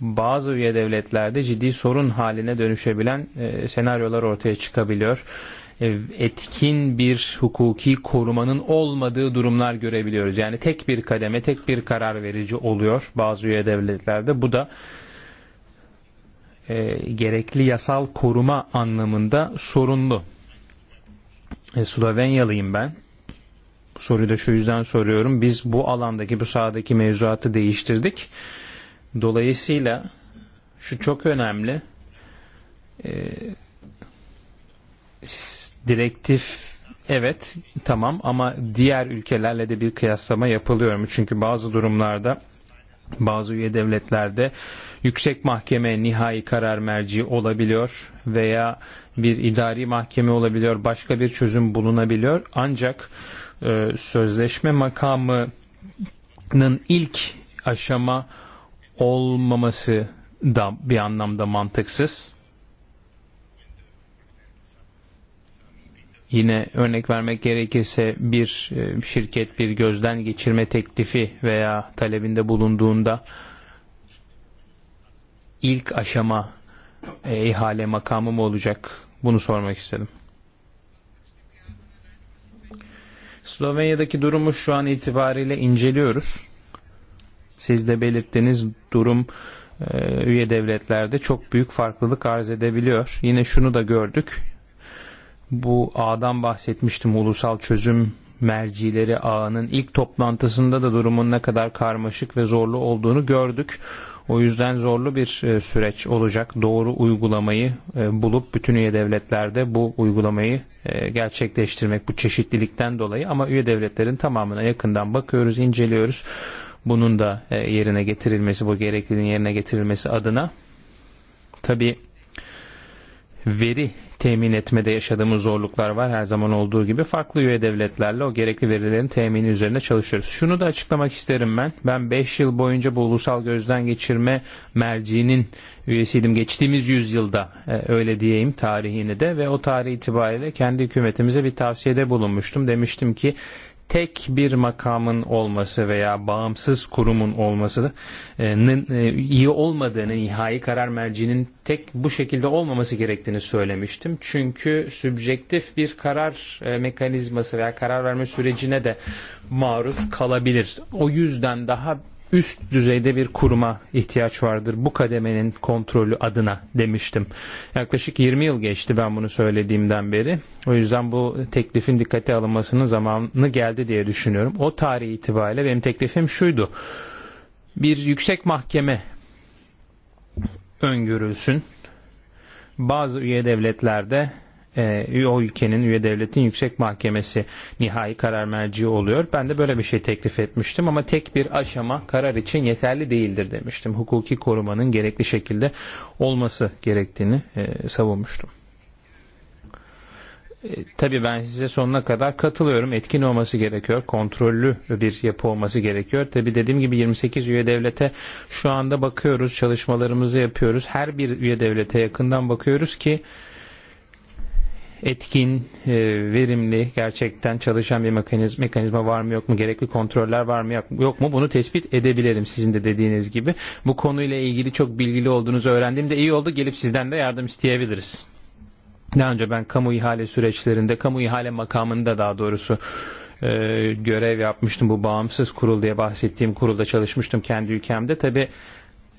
bazı üye devletlerde ciddi sorun haline dönüşebilen e, senaryolar ortaya çıkabiliyor. E, etkin bir hukuki korumanın olmadığı durumlar görebiliyoruz. Yani tek bir kademe, tek bir karar verici oluyor bazı üye devletlerde. Bu da e, gerekli yasal koruma anlamında sorunlu. E, Slovenyalıyım ben. Bu soruyu da şu yüzden soruyorum. Biz bu alandaki, bu sahadaki mevzuatı değiştirdik. Dolayısıyla şu çok önemli. E, direktif evet tamam ama diğer ülkelerle de bir kıyaslama yapılıyor mu? Çünkü bazı durumlarda bazı üye devletlerde yüksek mahkeme nihai karar merci olabiliyor veya bir idari mahkeme olabiliyor başka bir çözüm bulunabiliyor ancak e, sözleşme makamının ilk aşama olmaması da bir anlamda mantıksız. Yine örnek vermek gerekirse bir e, şirket bir gözden geçirme teklifi veya talebinde bulunduğunda ilk aşama e, ihale makamı mı olacak? Bunu sormak istedim. Slovenya'daki durumu şu an itibariyle inceliyoruz. Siz de belirttiğiniz durum e, üye devletlerde çok büyük farklılık arz edebiliyor. Yine şunu da gördük. Bu ağdan bahsetmiştim ulusal çözüm mercileri ağının ilk toplantısında da durumun ne kadar karmaşık ve zorlu olduğunu gördük. O yüzden zorlu bir e, süreç olacak. Doğru uygulamayı e, bulup bütün üye devletlerde bu uygulamayı gerçekleştirmek bu çeşitlilikten dolayı ama üye devletlerin tamamına yakından bakıyoruz, inceliyoruz bunun da yerine e, getirilmesi, bu gerekliliğin yerine getirilmesi adına tabi veri temin etmede yaşadığımız zorluklar var her zaman olduğu gibi farklı üye devletlerle o gerekli verilerin temini üzerine çalışıyoruz. Şunu da açıklamak isterim ben. Ben 5 yıl boyunca bu ulusal gözden geçirme merciğinin üyesiydim. Geçtiğimiz yüzyılda e, öyle diyeyim tarihini de ve o tarih itibariyle kendi hükümetimize bir tavsiyede bulunmuştum. Demiştim ki tek bir makamın olması veya bağımsız kurumun olması e, e, iyi olmadığını nihai karar mercinin tek bu şekilde olmaması gerektiğini söylemiştim. Çünkü sübjektif bir karar e, mekanizması veya karar verme sürecine de maruz kalabilir. O yüzden daha üst düzeyde bir kuruma ihtiyaç vardır bu kademenin kontrolü adına demiştim. Yaklaşık 20 yıl geçti ben bunu söylediğimden beri. O yüzden bu teklifin dikkate alınmasının zamanı geldi diye düşünüyorum. O tarih itibariyle benim teklifim şuydu. Bir yüksek mahkeme öngörülsün. Bazı üye devletlerde Eh, o ülkenin üye devletin yüksek mahkemesi nihai karar merci oluyor. Ben de böyle bir şey teklif etmiştim ama tek bir aşama karar için yeterli değildir demiştim. Hukuki korumanın gerekli şekilde olması gerektiğini e, savunmuştum. E, tabii ben size sonuna kadar katılıyorum. Etkin olması gerekiyor. Kontrollü bir yapı olması gerekiyor. Tabii dediğim gibi 28 üye devlete şu anda bakıyoruz. Çalışmalarımızı yapıyoruz. Her bir üye devlete yakından bakıyoruz ki etkin e, verimli gerçekten çalışan bir mekanizma, mekanizma var mı yok mu gerekli kontroller var mı yok mu bunu tespit edebilirim sizin de dediğiniz gibi. Bu konuyla ilgili çok bilgili olduğunuzu öğrendiğimde iyi oldu gelip sizden de yardım isteyebiliriz. Daha önce ben kamu ihale süreçlerinde, kamu ihale makamında daha doğrusu e, görev yapmıştım. Bu bağımsız kurul diye bahsettiğim kurulda çalışmıştım kendi ülkemde. Tabi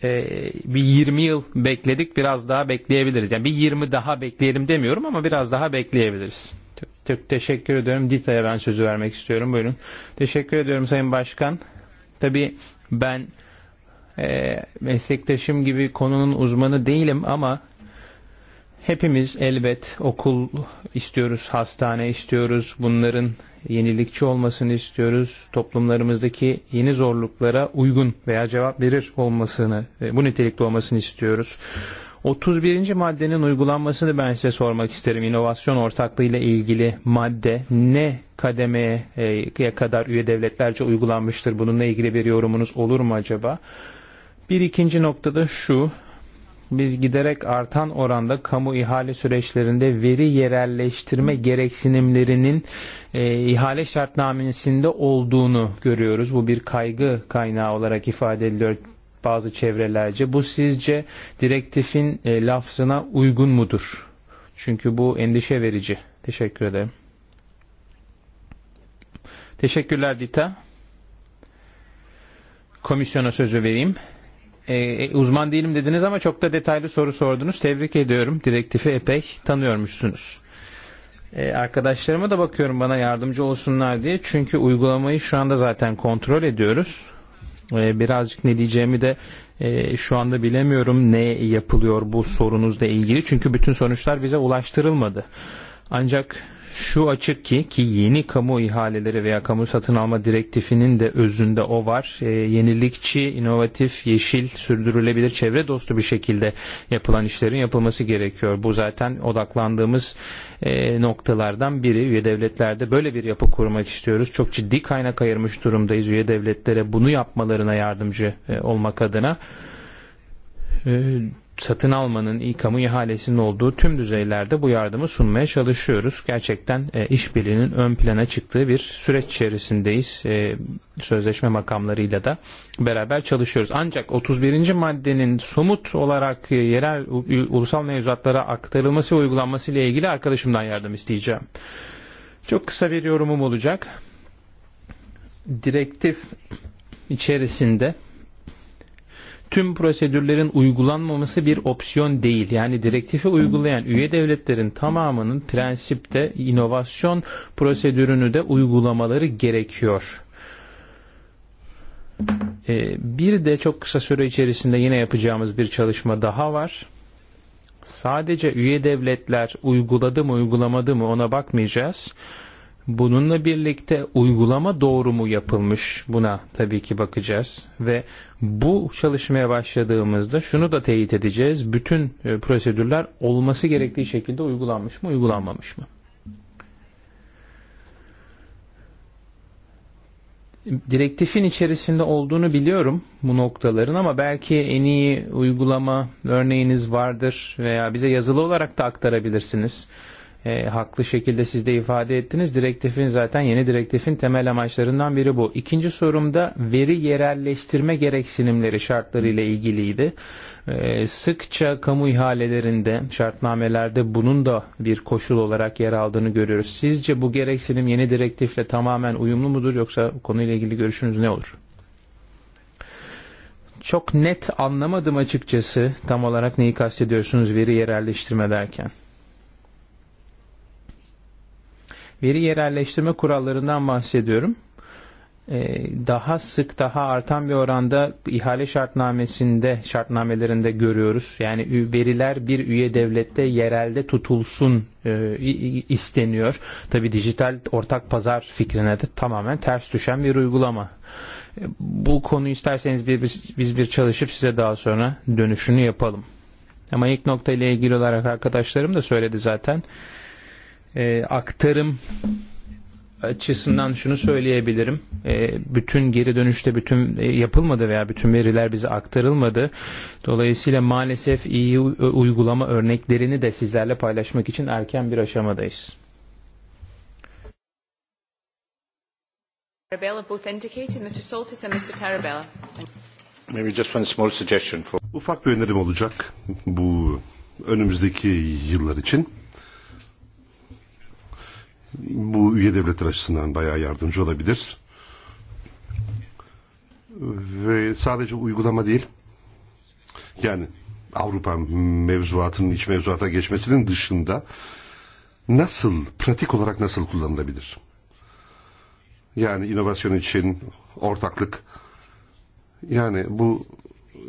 E, bir 20 yıl bekledik biraz daha bekleyebiliriz. Yani bir 20 daha bekleyelim demiyorum ama biraz daha bekleyebiliriz. Çok çok teşekkür ediyorum. Dita'ya ben sözü vermek istiyorum. Buyurun. Teşekkür ediyorum Sayın Başkan. Tabii ben e, meslektaşım gibi konunun uzmanı değilim ama hepimiz elbet okul istiyoruz, hastane istiyoruz. Bunların yenilikçi olmasını istiyoruz. Toplumlarımızdaki yeni zorluklara uygun veya cevap verir olmasını, e, bu nitelikte olmasını istiyoruz. 31. maddenin uygulanmasını ben size sormak isterim. İnovasyon ortaklığı ile ilgili madde ne kademeye e, kadar üye devletlerce uygulanmıştır? Bununla ilgili bir yorumunuz olur mu acaba? Bir ikinci noktada şu, biz giderek artan oranda kamu ihale süreçlerinde veri yerelleştirme gereksinimlerinin e, ihale şartnamesinde olduğunu görüyoruz. Bu bir kaygı kaynağı olarak ifade ediliyor bazı çevrelerce. Bu sizce direktifin e, lafzına uygun mudur? Çünkü bu endişe verici. Teşekkür ederim. Teşekkürler Dita. Komisyona sözü vereyim. E, e, uzman değilim dediniz ama çok da detaylı soru sordunuz. Tebrik ediyorum. Direktifi epey tanıyormuşsunuz. E, arkadaşlarıma da bakıyorum bana yardımcı olsunlar diye. Çünkü uygulamayı şu anda zaten kontrol ediyoruz. E, birazcık ne diyeceğimi de e, şu anda bilemiyorum ne yapılıyor bu sorunuzla ilgili. Çünkü bütün sonuçlar bize ulaştırılmadı. Ancak şu açık ki ki yeni kamu ihaleleri veya kamu satın alma direktifinin de özünde o var. E, yenilikçi, inovatif, yeşil, sürdürülebilir, çevre dostu bir şekilde yapılan işlerin yapılması gerekiyor. Bu zaten odaklandığımız e, noktalardan biri. Üye devletlerde böyle bir yapı kurmak istiyoruz. Çok ciddi kaynak ayırmış durumdayız üye devletlere bunu yapmalarına yardımcı e, olmak adına. E, satın almanın kamu ihalesinin olduğu tüm düzeylerde bu yardımı sunmaya çalışıyoruz. Gerçekten e, işbirliğinin ön plana çıktığı bir süreç içerisindeyiz. E, sözleşme makamlarıyla da beraber çalışıyoruz. Ancak 31. maddenin somut olarak e, yerel u, ulusal mevzuatlara aktarılması ve uygulanması ile ilgili arkadaşımdan yardım isteyeceğim. Çok kısa bir yorumum olacak. Direktif içerisinde tüm prosedürlerin uygulanmaması bir opsiyon değil. Yani direktifi uygulayan üye devletlerin tamamının prensipte inovasyon prosedürünü de uygulamaları gerekiyor. Ee, Bir de çok kısa süre içerisinde yine yapacağımız bir çalışma daha var. Sadece üye devletler uyguladı mı uygulamadı mı ona bakmayacağız. Bununla birlikte uygulama doğru mu yapılmış buna tabii ki bakacağız ve bu çalışmaya başladığımızda şunu da teyit edeceğiz. Bütün e, prosedürler olması gerektiği şekilde uygulanmış mı uygulanmamış mı? direktifin içerisinde olduğunu biliyorum bu noktaların ama belki en iyi uygulama örneğiniz vardır veya bize yazılı olarak da aktarabilirsiniz ħakli xekil d-sizdej fħadi t-nis direktifin in zaħtan jeni direktif in temela maċtar n-nam jiribu ikinci sorumda veri yerelleştirme gereksinimleri ile ilgiliydi. Eh, Sıkça kamu ihalelerinde şartnamelerde bunun da bir koşul olarak yer aldığını görüyoruz. Sizce bu gereksinim yeni direktifle tamamen uyumlu mudur yoksa konuyla ilgili görüşünüz ne olur? Çok net anlamadım açıkçası tam olarak neyi kastediyorsunuz veri yerelleştirme derken. Veri yerelleştirme kurallarından bahsediyorum. Daha sık daha artan bir oranda ihale şartnamesinde şartnamelerinde görüyoruz. Yani veriler bir üye devlette yerelde tutulsun e, isteniyor. Tabi dijital ortak pazar fikrine de tamamen ters düşen bir uygulama. E, bu konu isterseniz bir, biz, biz bir çalışıp size daha sonra dönüşünü yapalım. Ama ilk nokta ile ilgili olarak arkadaşlarım da söyledi zaten. E, aktarım açısından şunu söyleyebilirim. E, bütün geri dönüşte bütün e, yapılmadı veya bütün veriler bize aktarılmadı. Dolayısıyla maalesef iyi uygulama örneklerini de sizlerle paylaşmak için erken bir aşamadayız. Ufak bir önerim olacak bu önümüzdeki yıllar için Bu üye devletler açısından bayağı yardımcı olabilir. Ve sadece uygulama değil. Yani Avrupa mevzuatının iç mevzuata geçmesinin dışında nasıl, pratik olarak nasıl kullanılabilir? Yani inovasyon için ortaklık. Yani bu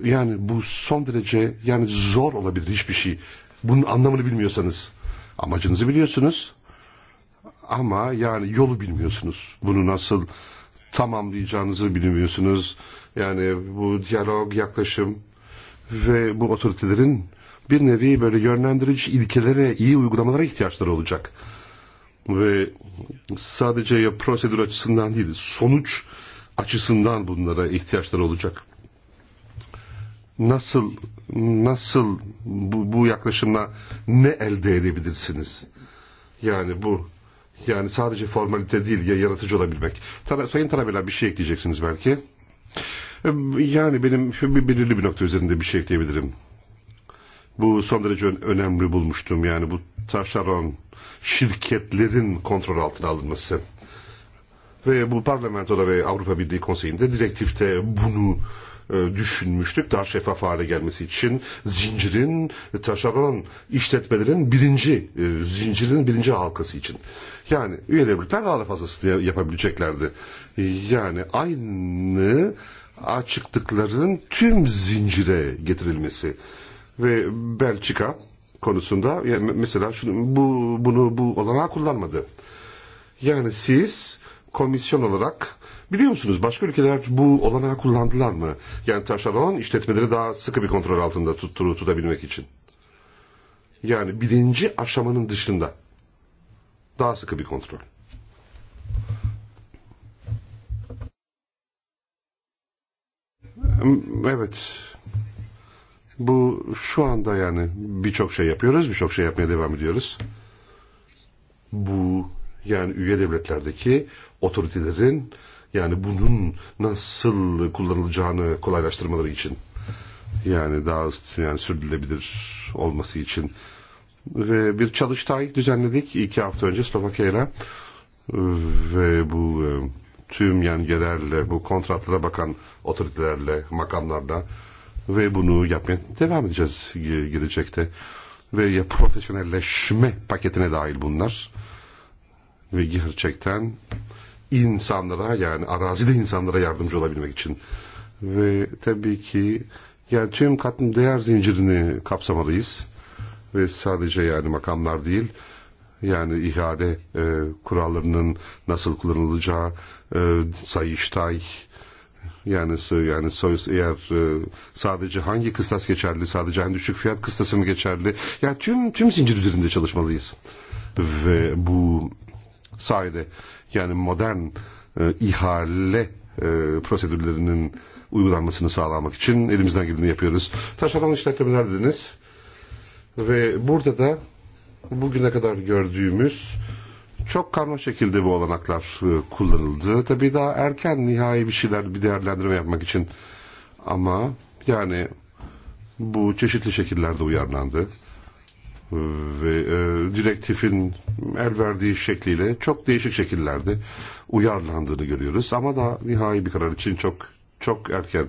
yani bu son derece yani zor olabilir hiçbir şey. Bunun anlamını bilmiyorsanız amacınızı biliyorsunuz. Ama yani yolu bilmiyorsunuz. Bunu nasıl tamamlayacağınızı bilmiyorsunuz. Yani bu diyalog, yaklaşım ve bu otoritelerin bir nevi böyle yönlendirici ilkelere, iyi uygulamalara ihtiyaçları olacak. Ve sadece ya prosedür açısından değil, sonuç açısından bunlara ihtiyaçları olacak. Nasıl nasıl bu, bu yaklaşımla ne elde edebilirsiniz? Yani bu yani sadece formalite değil ya yaratıcı olabilmek. Tara, Sayın Tarabella bir şey ekleyeceksiniz belki. Yani benim bir belirli bir nokta üzerinde bir şey ekleyebilirim. Bu son derece önemli bulmuştum yani bu taşeron şirketlerin kontrol altına alınması. Ve bu parlamentoda ve Avrupa Birliği Konseyi'nde direktifte bunu düşünmüştük. Daha şeffaf hale gelmesi için zincirin taşeron işletmelerin birinci e, zincirin birinci halkası için. Yani üyeleri birlikte daha da fazlasını yapabileceklerdi. Yani aynı açıklıkların tüm zincire getirilmesi ve Belçika konusunda yani mesela şunu, bu bunu bu olanağı kullanmadı. Yani siz komisyon olarak Biliyor musunuz başka ülkeler bu olanağı kullandılar mı? Yani taşeron işletmeleri daha sıkı bir kontrol altında tutturu tutabilmek için. Yani birinci aşamanın dışında daha sıkı bir kontrol. Hmm, evet. Bu şu anda yani birçok şey yapıyoruz, birçok şey yapmaya devam ediyoruz. Bu yani üye devletlerdeki otoritelerin Yani bunun nasıl kullanılacağını kolaylaştırmaları için yani daha yani sürdürülebilir olması için ve bir çalıştay düzenledik iki hafta önce Slovakya'yla ve bu e, tüm yengelerle bu kontratlara bakan otoritelerle makamlarla ve bunu yapmaya devam edeceğiz gelecekte ve ya profesyonelleşme paketine dahil bunlar ve gerçekten insanlara yani arazide insanlara yardımcı olabilmek için ve tabii ki yani tüm katın değer zincirini kapsamalıyız ve sadece yani makamlar değil yani ihale e, kurallarının nasıl kullanılacağı e, sayıştay yani yani söz eğer e, sadece hangi kıstas geçerli sadece hangi düşük fiyat kıstası mı geçerli yani tüm tüm zincir üzerinde çalışmalıyız ve bu sayede yani modern e, ihale e, prosedürlerinin uygulanmasını sağlamak için elimizden geleni yapıyoruz. Taşradan işletmeler dediniz ve burada da bugüne kadar gördüğümüz çok karma şekilde bu olanaklar e, kullanıldı. Tabii daha erken nihai bir şeyler bir değerlendirme yapmak için ama yani bu çeşitli şekillerde uyarlandı. E, direktifin el verdiği şekliyle çok değişik şekillerde uyarlandığını görüyoruz. Ama da nihai bir karar için çok çok erken.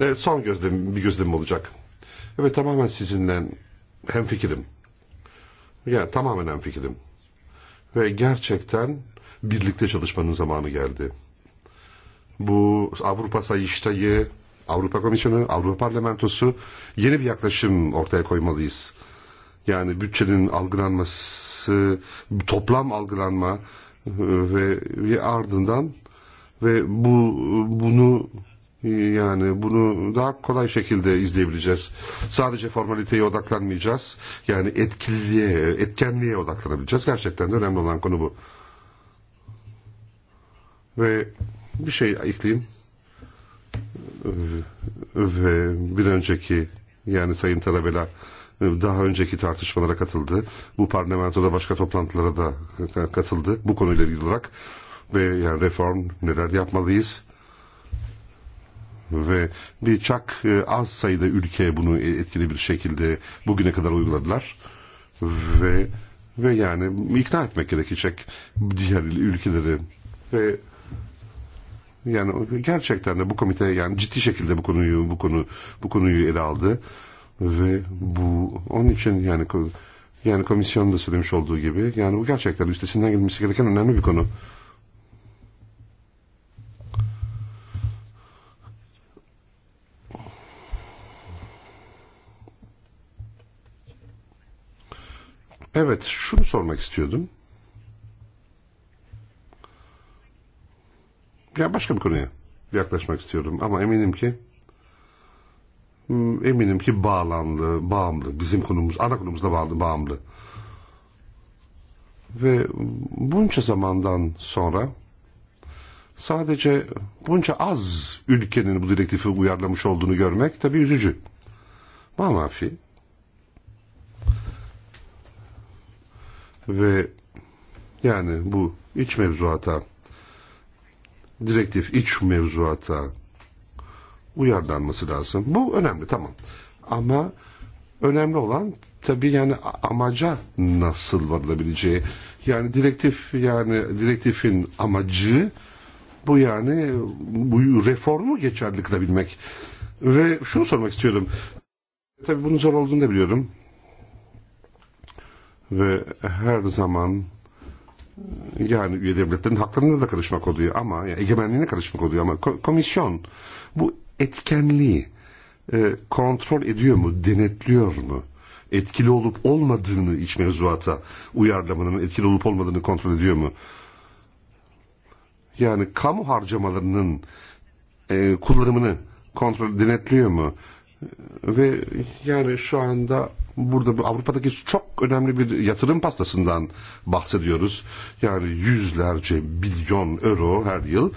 Evet, son gözlem, bir gözlem olacak. Evet tamamen sizinle hem fikrim. Yani tamamen hem fikrim. Ve gerçekten birlikte çalışmanın zamanı geldi. Bu Avrupa Sayıştay'ı Avrupa Komisyonu, Avrupa Parlamentosu yeni bir yaklaşım ortaya koymalıyız. Yani bütçenin algılanması, toplam algılanma ve, ve ardından ve bu bunu yani bunu daha kolay şekilde izleyebileceğiz. Sadece formaliteye odaklanmayacağız. Yani etkiliğe, etkenliğe odaklanabileceğiz. Gerçekten de önemli olan konu bu. Ve bir şey ekleyeyim bil önceki yani Sayın Talabela daha önceki tartışmalara katıldı. Bu parlamentoda başka toplantılara da katıldı. Bu konuyla ilgili olarak ve yani reform neler yapmalıyız ve bir çak e, az sayıda ülke bunu e, etkili bir şekilde bugüne kadar uyguladılar ve ve yani ikna etmek gerekecek diğer ülkeleri ve Jan, gerçekten de bu komite yani ciddi şekilde bu konuyu bu konu bu konuyu ele aldı ve bu onun için yani yani komisyon da söylemiş olduğu gibi yani bu gerçekten üstesinden gelmesi gereken önemli bir konu. Evet, şunu sormak istiyordum. Ja, başka bir konuya yaklaşmak istiyorum ama eminim ki mm, eminim ki bağlandı, bağımlı. Bizim konumuz, ana konumuzda bağlı, bağımlı. Ve bunca zamandan sonra sadece bunca az ülkenin bu direktifi uyarlamış olduğunu görmek tabi üzücü. Ma Ve yani bu iç mevzuata dyrektyw iċ mevzuata u jardan masidasem. Bu önemli tamam. Ama önemli olan tabi yani amaca nasıl varılabileceği. Yani direktif yani direktifin amacı bu yani bu reformu geçerli kılabilmek. Ve şunu sormak istiyorum. Tabi bunun zor olduğunu da biliyorum. Ve her zaman yani üyelerinin haklarına da karışmak oluyor ama yani egemenliğine karışmak oluyor ama komisyon bu etkenliği e, kontrol ediyor mu, denetliyor mu? Etkili olup olmadığını iç mevzuata uyarlamanın etkili olup olmadığını kontrol ediyor mu? Yani kamu harcamalarının e, kullanımını kontrol denetliyor mu? ve yani şu anda burada Avrupa'daki çok önemli bir yatırım pastasından bahsediyoruz. Yani yüzlerce milyon euro her yıl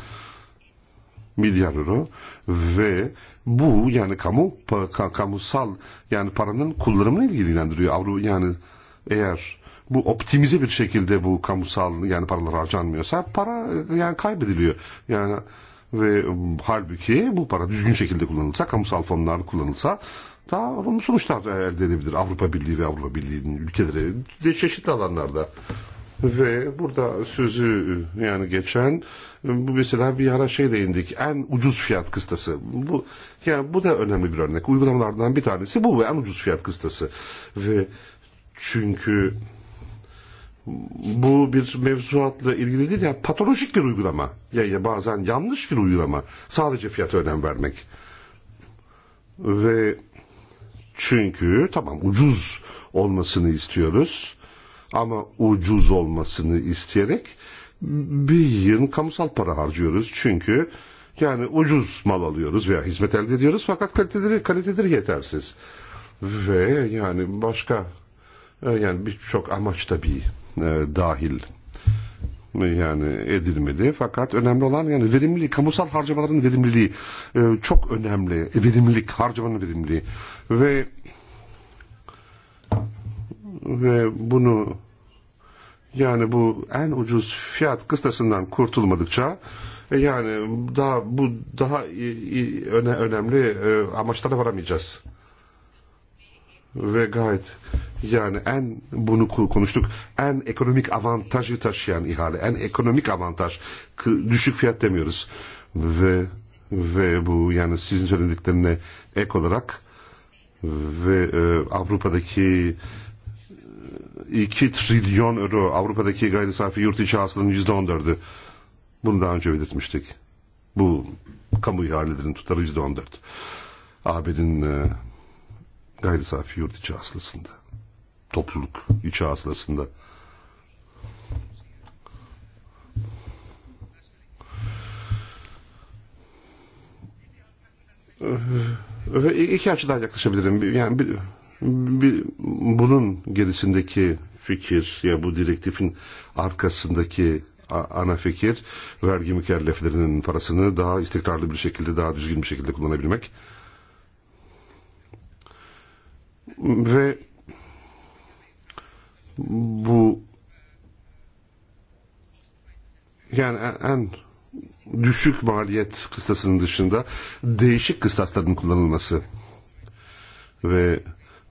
milyar euro ve bu yani kamu kamusal yani paranın kullanımını ilgilendiriyor. Avrupa yani eğer bu optimize bir şekilde bu kamusal yani paralar harcanmıyorsa para e, yani kaybediliyor. Yani ve halbuki bu para düzgün şekilde kullanılsa, kamusal fonlar kullanılsa da onun sonuçlar elde edilebilir. Avrupa Birliği ve Avrupa Birliği'nin ülkeleri de çeşitli alanlarda. Ve burada sözü yani geçen bu mesela bir ara şey değindik en ucuz fiyat kıstası. Bu yani bu da önemli bir örnek. Uygulamalardan bir tanesi bu ve en ucuz fiyat kıstası. Ve çünkü bu bir mevzuatla ilgili değil ya yani patolojik bir uygulama ya, ya bazen yanlış bir uygulama sadece fiyata önem vermek ve çünkü tamam ucuz olmasını istiyoruz ama ucuz olmasını isteyerek bir yığın kamusal para harcıyoruz çünkü yani ucuz mal alıyoruz veya hizmet elde ediyoruz fakat kaliteleri kaliteleri yetersiz ve yani başka e, yani birçok amaç tabii dahil. Yani edilmeli fakat önemli olan yani verimlilik, kamusal harcamaların verimliliği e, çok önemli. E, verimlilik, harcamanın verimliliği ve ve bunu yani bu en ucuz fiyat kıstasından kurtulmadıkça e, yani daha bu daha öne, önemli amaçlara varamayacağız. Ve gayet yani en bunu konuştuk. En ekonomik avantajı taşıyan ihale, en ekonomik avantaj düşük fiyat demiyoruz ve ve bu yani sizin söylediklerine ek olarak ve e, Avrupa'daki 2 e, trilyon euro Avrupa'daki gayri safi yurt içi hasılanın %14'ü. Bunu daha önce belirtmiştik. Bu kamu ihalelerinin tutarı %14. AB'nin e, gayri safi yurt içi hasılasında topluluk içi aslında. İki açıdan yaklaşabilirim. Yani bir, bir, bunun gerisindeki fikir ya bu direktifin arkasındaki ana fikir vergi mükelleflerinin parasını daha istikrarlı bir şekilde daha düzgün bir şekilde kullanabilmek ve bu yani en düşük maliyet kıstasının dışında değişik kıstasların kullanılması ve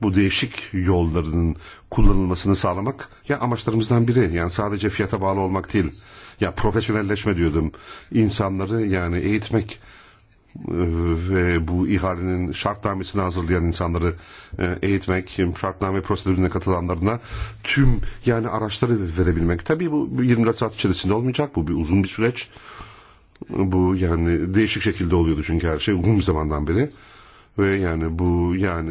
bu değişik yolların kullanılmasını sağlamak ya amaçlarımızdan biri. Yani sadece fiyata bağlı olmak değil. Ya profesyonelleşme diyordum. insanları yani eğitmek bu iħarnin xartna mi snażul li għan insanar ejt mek, xartna mi prosedurin katalandarna, ċim jgħan araċtari verebil mek. Tabi bu jirmrazzat ċedi sinol miċak, bu bi uzun biċuleċ, bu jgħan deċik xekil dolu jodu ċinkar, xe gum zaman dan bile, jgħan bu jgħan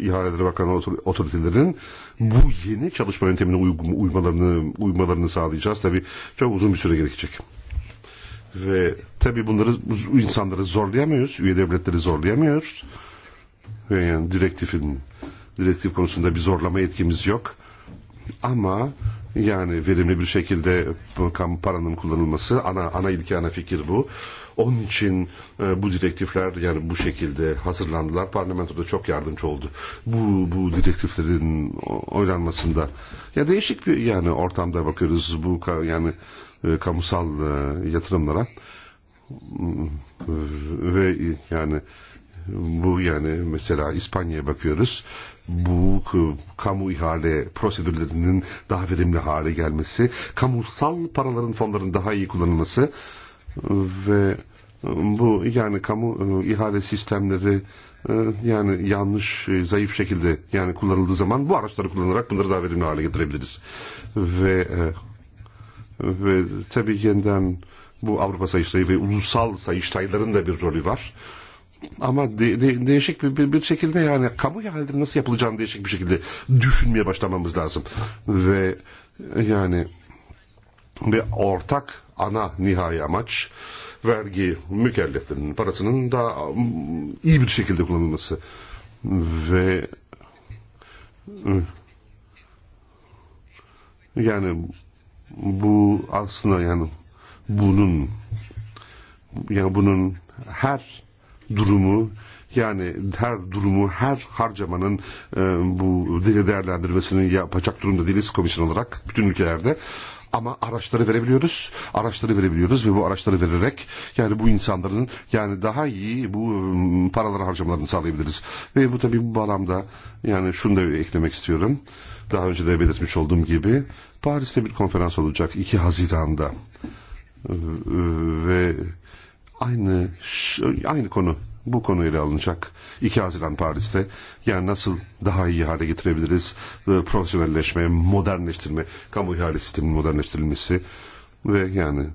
jgħan drabakan otoritilerin, bu jgħan ċadu xparinti minn ujmadarni sadi ċas, tabi ċaw uzun biċuleċ Ve tabi bunları bu insanları zorlayamıyoruz, üye devletleri zorlayamıyoruz. Ve yani direktifin, direktif konusunda bir zorlama yetkimiz yok. Ama yani verimli bir şekilde kamu paranın kullanılması ana ana ilke ana fikir bu. Onun için e, bu direktifler yani bu şekilde hazırlandılar. Parlamentoda çok yardımcı oldu. Bu bu direktiflerin oylanmasında. Ya değişik bir yani ortamda bakıyoruz bu yani kamusal yatırımlara e, ve yani bu yani mesela İspanya'ya bakıyoruz bu kamu ihale prosedürlerinin daha verimli hale gelmesi, kamusal paraların fonların daha iyi kullanılması ve bu yani kamu e, ihale sistemleri e, yani yanlış zayıf şekilde yani kullanıldığı zaman bu araçları kullanarak bunları daha verimli hale getirebiliriz ve tabi yeniden bu Avrupa Sayıştayı ve ulusal sayıştayların da bir rolü var. Ama de, de, değişik bir, bir, bir şekilde yani kamu halinde nasıl yapılacağını değişik bir şekilde düşünmeye başlamamız lazım. Ve yani bir ortak ana nihai amaç vergi mükelleflerinin parasının da iyi bir şekilde kullanılması ve yani bu aslında yani bunun yani bunun her durumu yani her durumu her harcamanın e, bu dili değerlendirmesini yapacak durumda değiliz komisyon olarak bütün ülkelerde ama araçları verebiliyoruz. Araçları verebiliyoruz ve bu araçları vererek yani bu insanların yani daha iyi bu paraları harcamalarını sağlayabiliriz. Ve bu tabii bu bağlamda yani şunu da eklemek istiyorum. Daha önce de belirtmiş olduğum gibi Paris'te bir konferans olacak. iki Haziran'da. Ve aynı aynı konu bu konuyla alınacak. 2 Haziran Paris'te yani nasıl daha iyi hale getirebiliriz e, profesyonelleşme, modernleştirme, kamu ihale sisteminin modernleştirilmesi ve yani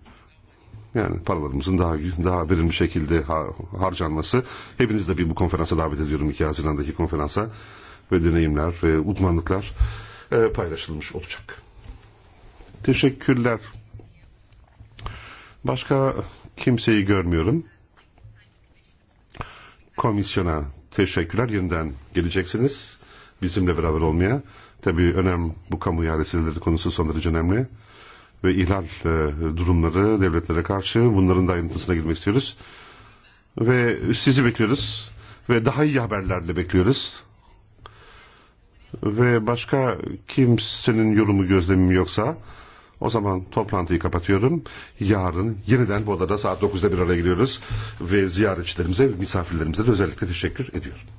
yani paralarımızın daha daha verimli şekilde har harcanması. Hepinizi de bir bu konferansa davet ediyorum 2 Haziran'daki konferansa ve deneyimler ve uzmanlıklar e, eh, paylaşılmış olacak. Teşekkürler. Başka kimseyi görmüyorum. Komisyona teşekkürler. Yeniden geleceksiniz bizimle beraber olmaya. Tabi önem bu kamu ihalesidir konusu son derece önemli. Ve ihlal e, durumları devletlere karşı bunların da ayrıntısına girmek istiyoruz. Ve sizi bekliyoruz. Ve daha iyi haberlerle bekliyoruz. Ve başka kimsenin yorumu gözlemim yoksa O zaman toplantıyı kapatıyorum. Yarın yeniden bu odada saat 9'da bir araya giriyoruz ve ziyaretçilerimize, misafirlerimize de özellikle teşekkür ediyorum.